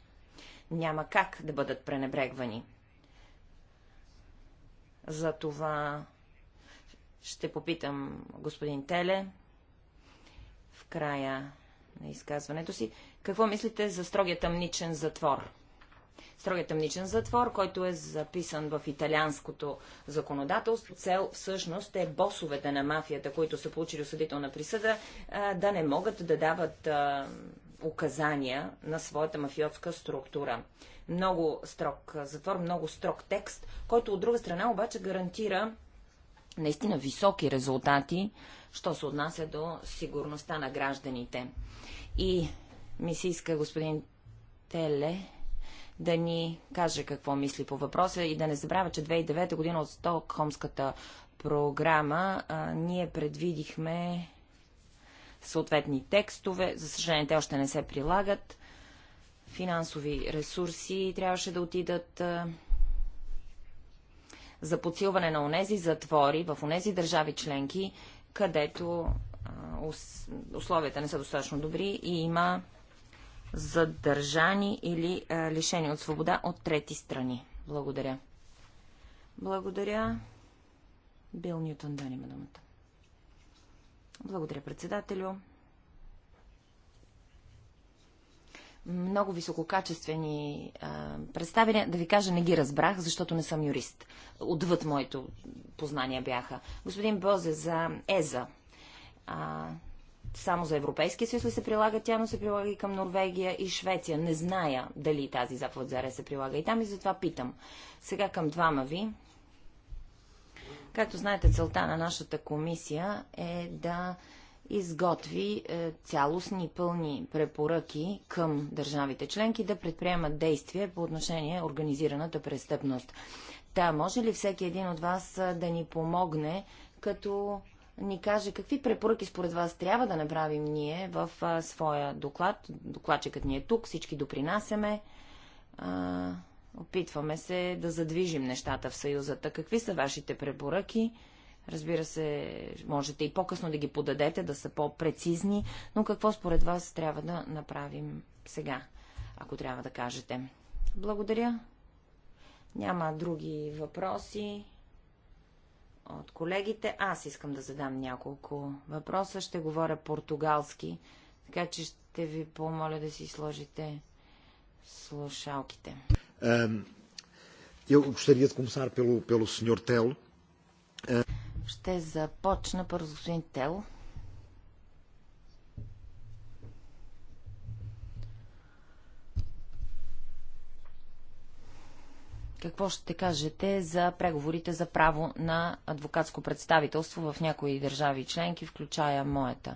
няма как да бъдат пренебрегвани. За това. Ще попитам господин Теле в края на изказването си. Какво мислите за строгия тъмничен затвор? Строгия тъмничен затвор, който е записан в италианското законодателство. Цел всъщност е босовете на мафията, които са получили осъдителна присъда, да не могат да дават указания на своята мафиотска структура. Много строг затвор, много строг текст, който от друга страна обаче гарантира наистина високи резултати, що се отнася до сигурността на гражданите. И ми се иска господин Теле да ни каже какво мисли по въпроса и да не забравя, че 2009 година от Стокхомската програма а, ние предвидихме съответни текстове. За съжаление, те още не се прилагат. Финансови ресурси трябваше да отидат а, за подсилване на онези затвори в онези държави членки, където условията не са достатъчно добри и има задържани или лишени от свобода от трети страни. Благодаря. Благодаря. Бил Нютон, да има думата. Благодаря, председателю. много висококачествени а, представения. Да ви кажа, не ги разбрах, защото не съм юрист. Отвъд моето познания бяха. Господин Бозе, за ЕЗА. А, само за Европейския съюз ли се прилага тя, но се прилага и към Норвегия и Швеция. Не зная дали тази заповед за се прилага и там и затова питам. Сега към двама ви. Както знаете, целта на нашата комисия е да изготви е, цялостни пълни препоръки към държавите членки да предприемат действия по отношение организираната престъпност. Та, може ли всеки един от вас е, да ни помогне, като ни каже какви препоръки според вас трябва да направим ние в е, своя доклад? Докладчикът ни е тук, всички допринасяме. опитваме се да задвижим нещата в Съюзата. Какви са вашите препоръки? Разбира се, можете и по-късно да ги подадете, да са по-прецизни, но какво според вас трябва да направим сега, ако трябва да кажете? Благодаря. Няма други въпроси от колегите. Аз искам да задам няколко въпроса. Ще говоря португалски, така че ще ви помоля да си сложите слушалките. Eu gostaria de começar pelo, pelo Sr. Telo. Ще започна първо с господин Тел. Какво ще кажете за преговорите за право на адвокатско представителство в някои държави членки, включая моята?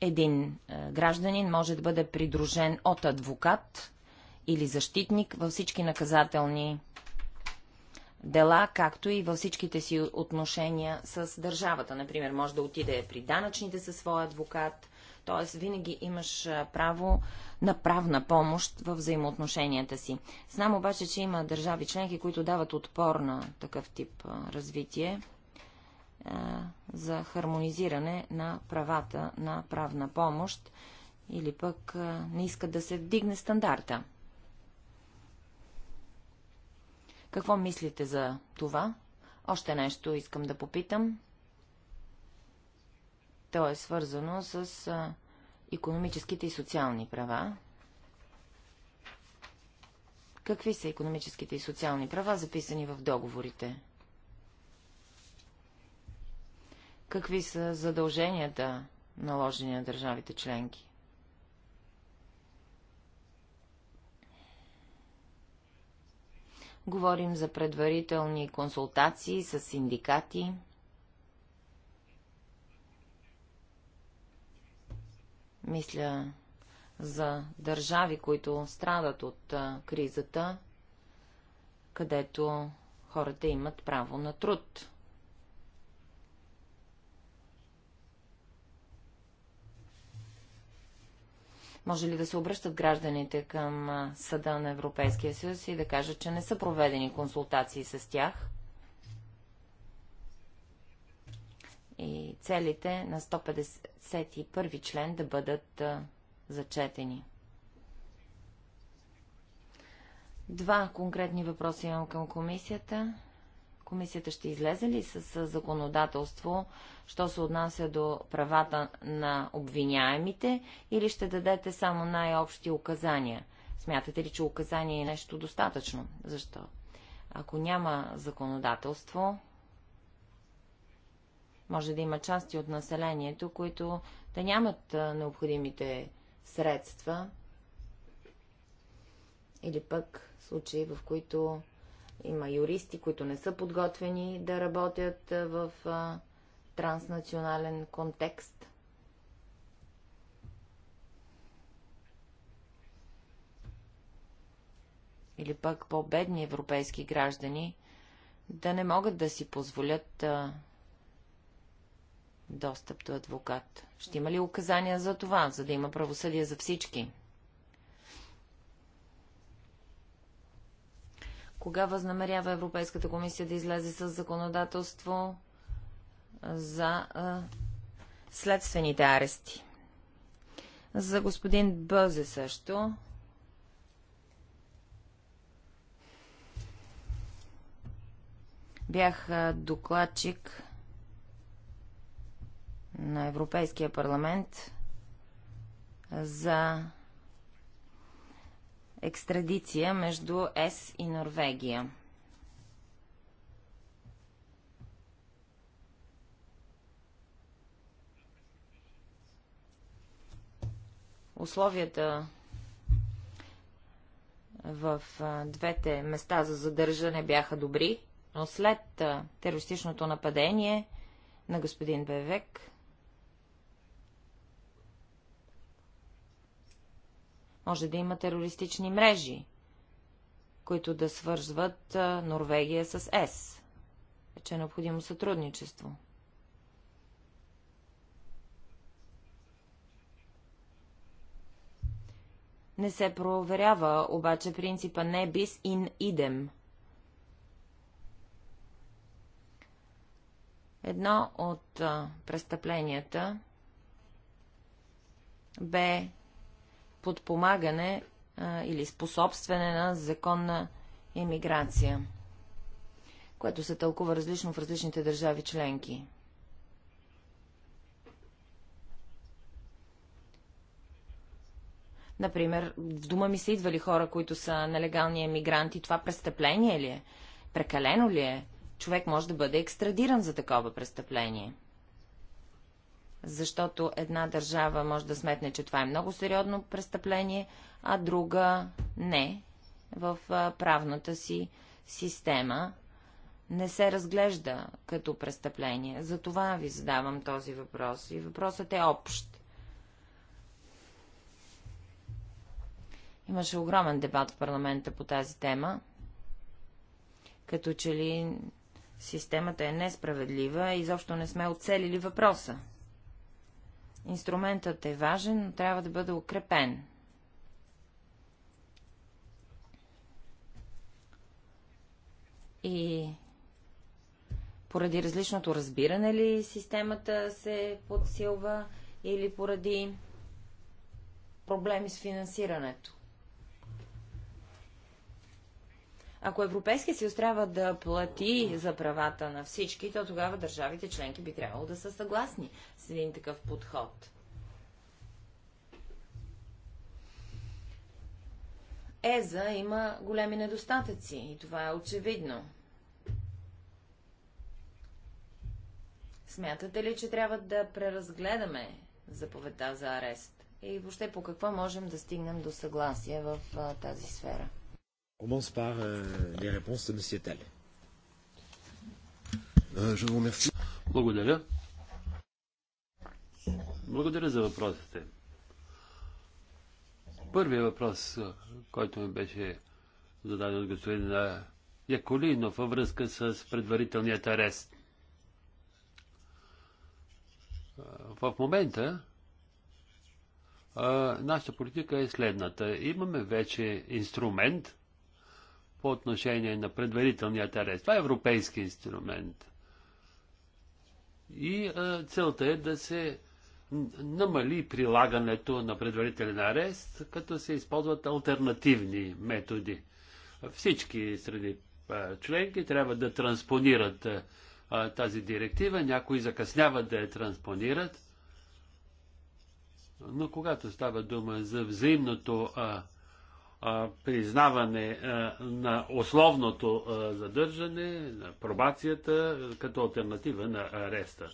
Един е, гражданин може да бъде придружен от адвокат или защитник във всички наказателни дела, както и във всичките си отношения с държавата. Например, може да отиде при данъчните със своя адвокат, т.е. винаги имаш право на правна помощ в взаимоотношенията си. Знам обаче, че има държави членки, които дават отпор на такъв тип развитие за хармонизиране на правата на правна помощ или пък не искат да се вдигне стандарта. Какво мислите за това? Още нещо искам да попитам. То е свързано с економическите и социални права. Какви са економическите и социални права, записани в договорите? Какви са задълженията, наложени на държавите членки? Говорим за предварителни консултации с синдикати. Мисля за държави, които страдат от кризата, където хората имат право на труд. Може ли да се обръщат гражданите към Съда на Европейския съюз и да кажат, че не са проведени консултации с тях? И целите на 151 член да бъдат зачетени. Два конкретни въпроса имам към комисията. Комисията ще излезе ли с законодателство, що се отнася до правата на обвиняемите или ще дадете само най-общи указания? Смятате ли, че указание е нещо достатъчно? Защо? Ако няма законодателство, може да има части от населението, които да нямат необходимите средства или пък случаи, в които има юристи, които не са подготвени да работят в а, транснационален контекст. Или пък по-бедни европейски граждани да не могат да си позволят а, достъп до адвокат. Ще има ли указания за това, за да има правосъдие за всички? Кога възнамерява Европейската комисия да излезе с законодателство за а, следствените арести? За господин Бълзе също. Бях докладчик на Европейския парламент за екстрадиция между ЕС и Норвегия. Условията в двете места за задържане бяха добри, но след терористичното нападение на господин Бевек Може да има терористични мрежи, които да свързват Норвегия с ЕС. Вече е необходимо сътрудничество. Не се проверява обаче принципа не бис ин идем. Едно от престъпленията бе подпомагане а, или способстване на законна емиграция, което се тълкува различно в различните държави членки. Например, в дума ми са идвали хора, които са нелегални емигранти. Това престъпление ли е? Прекалено ли е? Човек може да бъде екстрадиран за такова престъпление защото една държава може да сметне, че това е много сериозно престъпление, а друга не в правната си система не се разглежда като престъпление. За това ви задавам този въпрос. И въпросът е общ. Имаше огромен дебат в парламента по тази тема. Като че ли системата е несправедлива и изобщо не сме оцелили въпроса. Инструментът е важен, но трябва да бъде укрепен. И поради различното разбиране ли системата се подсилва или поради проблеми с финансирането? Ако Европейския съюз трябва да плати за правата на всички, то тогава държавите членки би трябвало да са съгласни с един такъв подход. ЕЗА има големи недостатъци и това е очевидно. Смятате ли, че трябва да преразгледаме заповедта за арест? И въобще по какво можем да стигнем до съгласие в а, тази сфера? commence par euh, les réponses de Tal. Euh, je vous remercie. Благодаря. Благодаря за въпросите. Първият въпрос, който ми беше зададен от господин Яколинов във връзка с предварителният арест. В момента нашата политика е следната. Имаме вече инструмент, по отношение на предварителният арест. Това е европейски инструмент. И а, целта е да се намали прилагането на предварителен арест, като се използват альтернативни методи. Всички страни а, членки трябва да транспонират а, тази директива, някои закъсняват да я транспонират, но когато става дума за взаимното а, признаване на условното задържане, на пробацията като альтернатива на ареста.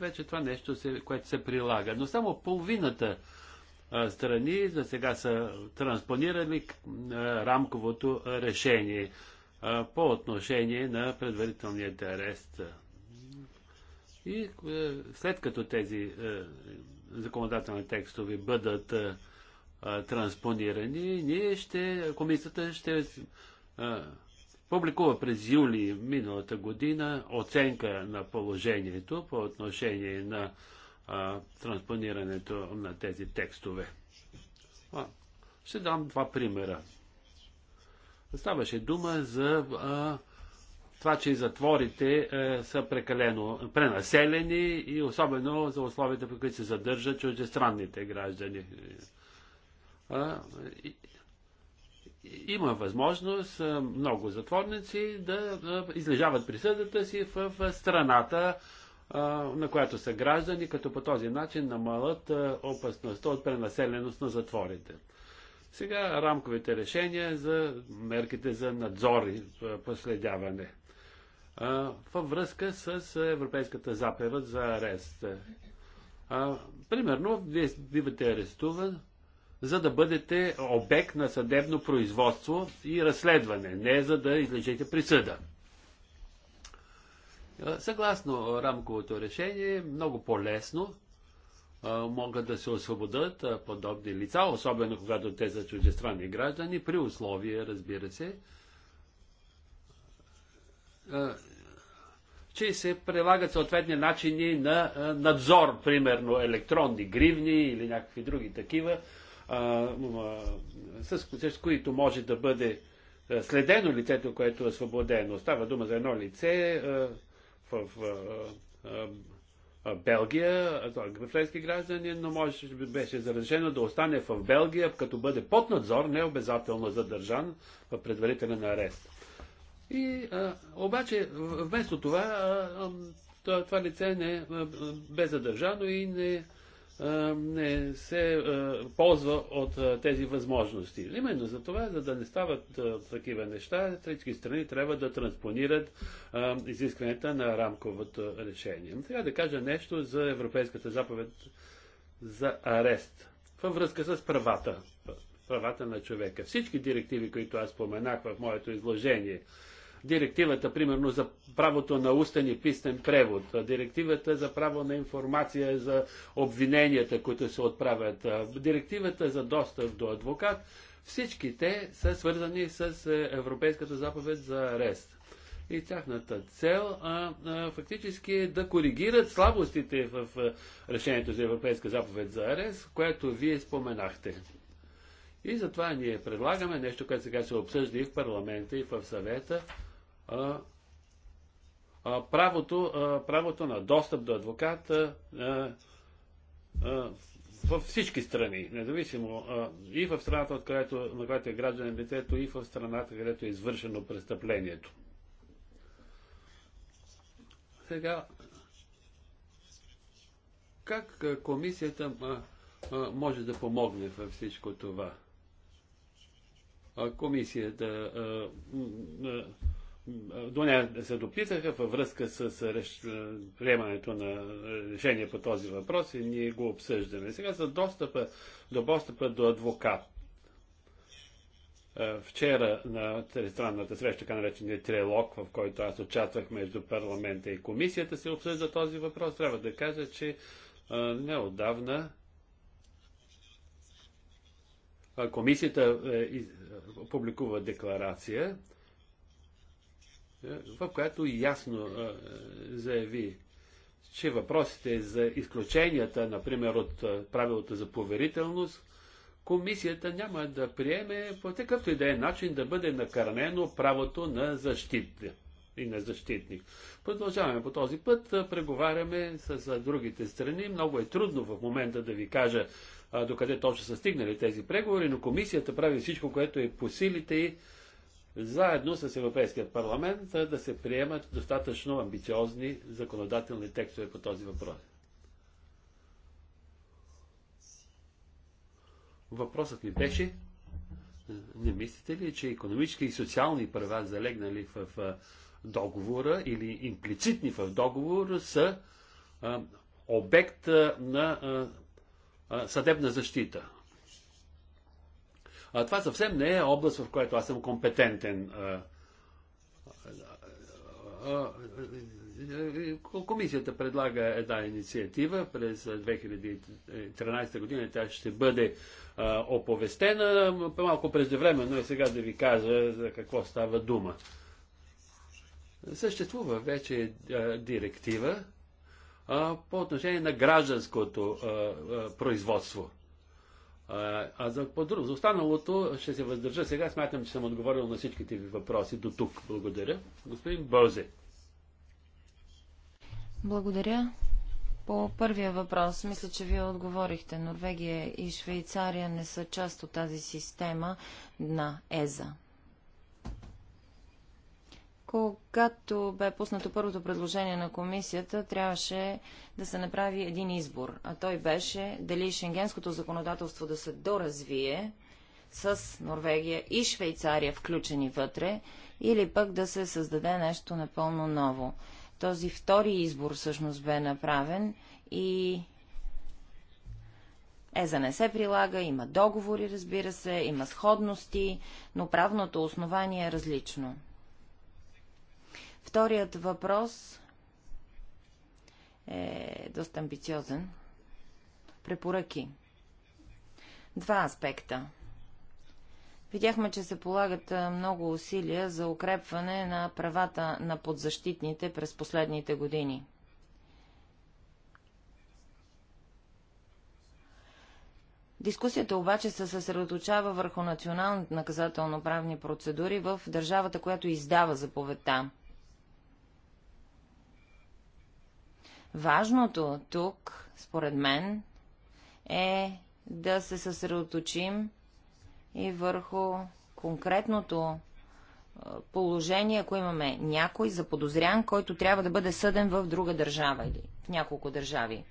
Вече това нещо, което се прилага. Но само половината страни за сега са транспонирали рамковото решение по отношение на предварителният арест. И след като тези законодателни текстове бъдат транспонирани, ние ще, комисията ще а, публикува през юли миналата година оценка на положението по отношение на а, транспонирането на тези текстове. А, ще дам два примера. Ставаше дума за а, това, че затворите а, е, са прекалено пренаселени и особено за условията, в които се задържат чуждестранните граждани има възможност много затворници да излежават присъдата си в страната, на която са граждани, като по този начин намалят опасността от пренаселеност на затворите. Сега рамковите решения за мерките за надзор и последяване. Във връзка с Европейската заповед за арест. Примерно, вие бивате арестуван за да бъдете обект на съдебно производство и разследване, не за да излежете присъда. Съгласно рамковото решение, много по-лесно могат да се освободят подобни лица, особено когато те са чуждестранни граждани, при условие, разбира се, че се прилагат съответни начини на надзор, примерно електронни гривни или някакви други такива, с, с които може да бъде следено лицето, което е освободено. Става дума за едно лице в, в, в, а, Белгия, това е френски гражданин, но може беше заражено да остане в Белгия, като бъде под надзор, не обязателно задържан в предварителен арест. И а, обаче вместо това а, това лице не бе задържано и не не се ползва от тези възможности. Именно за това, за да не стават такива неща, всички страни трябва да транспонират изискването на рамковото решение. Трябва да кажа нещо за Европейската заповед за арест във връзка с правата правата на човека. Всички директиви, които аз споменах в моето изложение, Директивата, примерно, за правото на устен и писнен превод, директивата за право на информация за обвиненията, които се отправят, директивата за достъп до адвокат, всички те са свързани с е, Европейската заповед за арест. И тяхната цел а, а, фактически е да коригират слабостите в а, е, решението за Европейска заповед за арест, което вие споменахте. И затова ние предлагаме нещо, което сега се обсъжда и в парламента, и в съвета, правото, правото на достъп до адвокат във всички страни, независимо и в страната, от която, на която е гражданин детето, и в страната, където е извършено престъплението. Сега, как комисията може да помогне във всичко това? Комисията до нея се допитаха във връзка с реш... Е, приемането на решение по този въпрос и ние го обсъждаме. Сега за достъпа до достъпа до адвокат. Е, вчера на тристранната среща, така наречения трилог, в който аз участвах между парламента и комисията, се обсъжда този въпрос. Трябва да кажа, че е, неодавна комисията публикува декларация, в която ясно заяви, че въпросите за изключенията, например от правилото за поверителност, комисията няма да приеме по такъвто и да е начин да бъде накърнено правото на защита и на защитник. Продължаваме по този път, преговаряме с, с другите страни. Много е трудно в момента да ви кажа докъде точно са стигнали тези преговори, но комисията прави всичко, което е по силите и заедно с Европейският парламент да се приемат достатъчно амбициозни законодателни текстове по този въпрос. Въпросът ми беше, не мислите ли, че економически и социални права, залегнали в, договора или имплицитни в договор, са обект на съдебна защита? А, това съвсем не е област, в която аз съм компетентен. А, комисията предлага една инициатива през 2013 година. Тя ще бъде оповестена. Малко но е сега да ви кажа за какво става дума. Съществува вече директива по отношение на гражданското производство. А за, подруг, за останалото ще се въздържа. Сега смятам, че съм отговорил на всичките ви въпроси до тук. Благодаря. Господин Бозе. Благодаря. По първия въпрос, мисля, че вие отговорихте. Норвегия и Швейцария не са част от тази система на ЕЗА. Когато бе пуснато първото предложение на комисията, трябваше да се направи един избор, а той беше дали шенгенското законодателство да се доразвие с Норвегия и Швейцария включени вътре, или пък да се създаде нещо напълно ново. Този втори избор всъщност бе направен и ЕЗА не се прилага, има договори, разбира се, има сходности, но правното основание е различно. Вторият въпрос е доста амбициозен. Препоръки. Два аспекта. Видяхме, че се полагат много усилия за укрепване на правата на подзащитните през последните години. Дискусията обаче се съсредоточава върху националните наказателно-правни процедури в държавата, която издава заповедта. Важното тук, според мен, е да се съсредоточим и върху конкретното е, положение, ако имаме някой заподозрян, който трябва да бъде съден в друга държава или в няколко държави.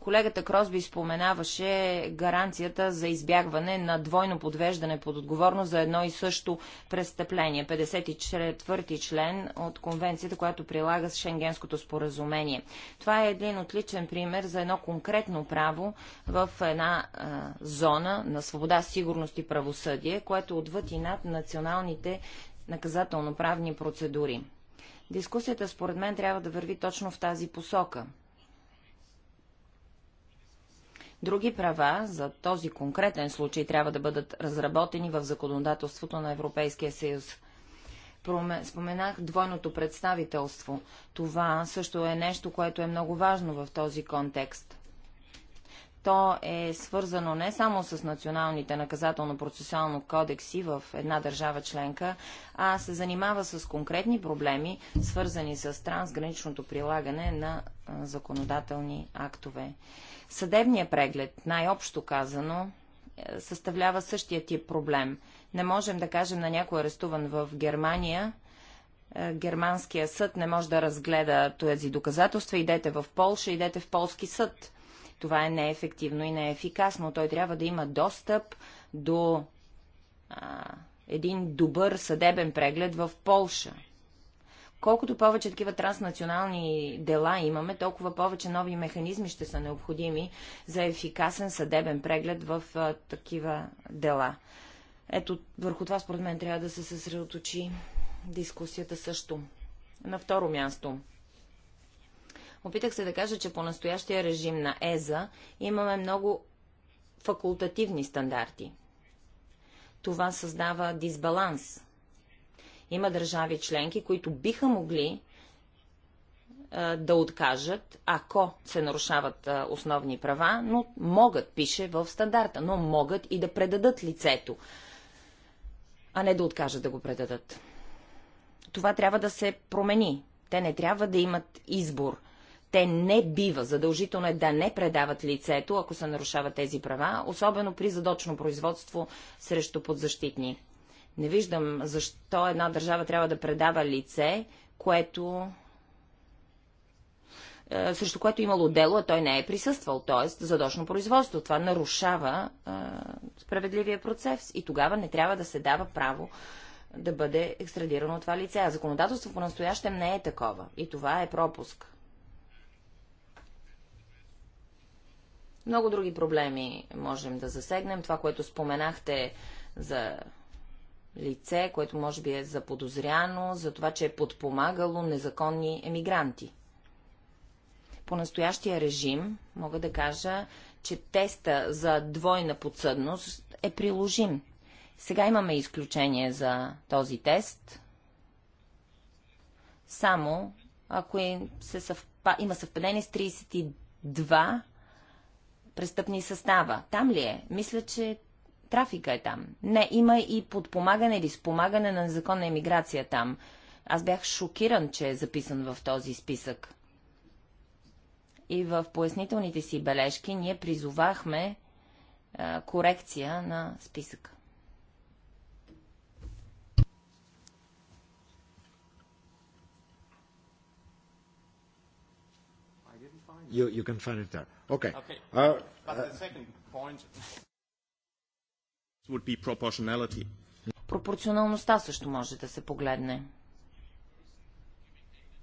Колегата Кросби споменаваше гаранцията за избягване на двойно подвеждане под отговорност за едно и също престъпление. 54-ти член от конвенцията, която прилага с Шенгенското споразумение. Това е един отличен пример за едно конкретно право в една а, зона на свобода, сигурност и правосъдие, което е отвъд и над националните наказателно-правни процедури. Дискусията според мен трябва да върви точно в тази посока – Други права за този конкретен случай трябва да бъдат разработени в законодателството на Европейския съюз. Споменах двойното представителство. Това също е нещо, което е много важно в този контекст то е свързано не само с националните наказателно-процесуално кодекси в една държава членка, а се занимава с конкретни проблеми, свързани с трансграничното прилагане на законодателни актове. Съдебният преглед, най-общо казано, е, съставлява същия тип проблем. Не можем да кажем на някой арестуван в Германия, е, германския съд не може да разгледа тези доказателства, идете в Полша, идете в полски съд. Това е неефективно и неефикасно. Той трябва да има достъп до а, един добър съдебен преглед в Полша. Колкото повече такива транснационални дела имаме, толкова повече нови механизми ще са необходими за ефикасен съдебен преглед в а, такива дела. Ето, върху това според мен трябва да се съсредоточи дискусията също. На второ място. Опитах се да кажа, че по настоящия режим на ЕЗА имаме много факултативни стандарти. Това създава дисбаланс има държави членки, които биха могли да откажат, ако се нарушават основни права, но могат, пише в стандарта, но могат и да предадат лицето, а не да откажат да го предадат. Това трябва да се промени. Те не трябва да имат избор те не бива, задължително е да не предават лицето, ако се нарушават тези права, особено при задочно производство срещу подзащитни. Не виждам защо една държава трябва да предава лице, което е, срещу което е имало дело, а той не е присъствал, т.е. задочно производство. Това нарушава а, е, справедливия процес и тогава не трябва да се дава право да бъде екстрадирано това лице. А законодателство по настоящем не е такова. И това е пропуск. Много други проблеми можем да засегнем. Това, което споменахте за лице, което може би е заподозряно за това, че е подпомагало незаконни емигранти. По настоящия режим мога да кажа, че теста за двойна подсъдност е приложим. Сега имаме изключение за този тест, само ако е- се съвпа... има съвпадение с 32 престъпни състава. Там ли е? Мисля, че трафика е там. Не, има и подпомагане или спомагане на незаконна емиграция там. Аз бях шокиран, че е записан в този списък. И в пояснителните си бележки ние призовахме а, корекция на списъка. You, you can find it there. Okay. okay. Uh, but the second point Пропорционалността също може да се погледне.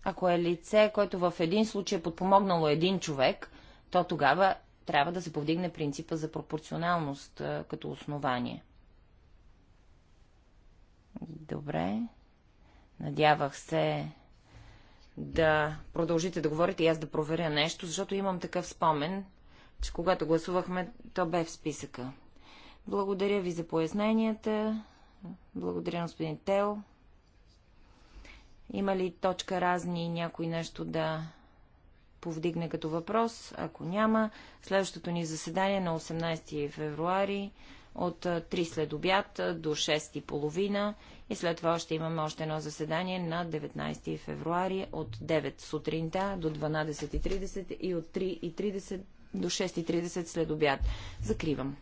Ако е лице, което в един случай е подпомогнало един човек, то тогава трябва да се повдигне принципа за пропорционалност като основание. Добре. Надявах се да продължите да говорите и аз да проверя нещо, защото имам такъв спомен, че когато гласувахме, то бе в списъка. Благодаря ви за поясненията. Благодаря на господин Тел. Има ли точка разни и някой нещо да повдигне като въпрос? Ако няма, следващото ни заседание е на 18 февруари от 3 след обяд до 6 и половина и след това ще имаме още едно заседание на 19 февруари от 9 сутринта до 12.30 и от 3.30 до 6.30 след обяд. Закривам.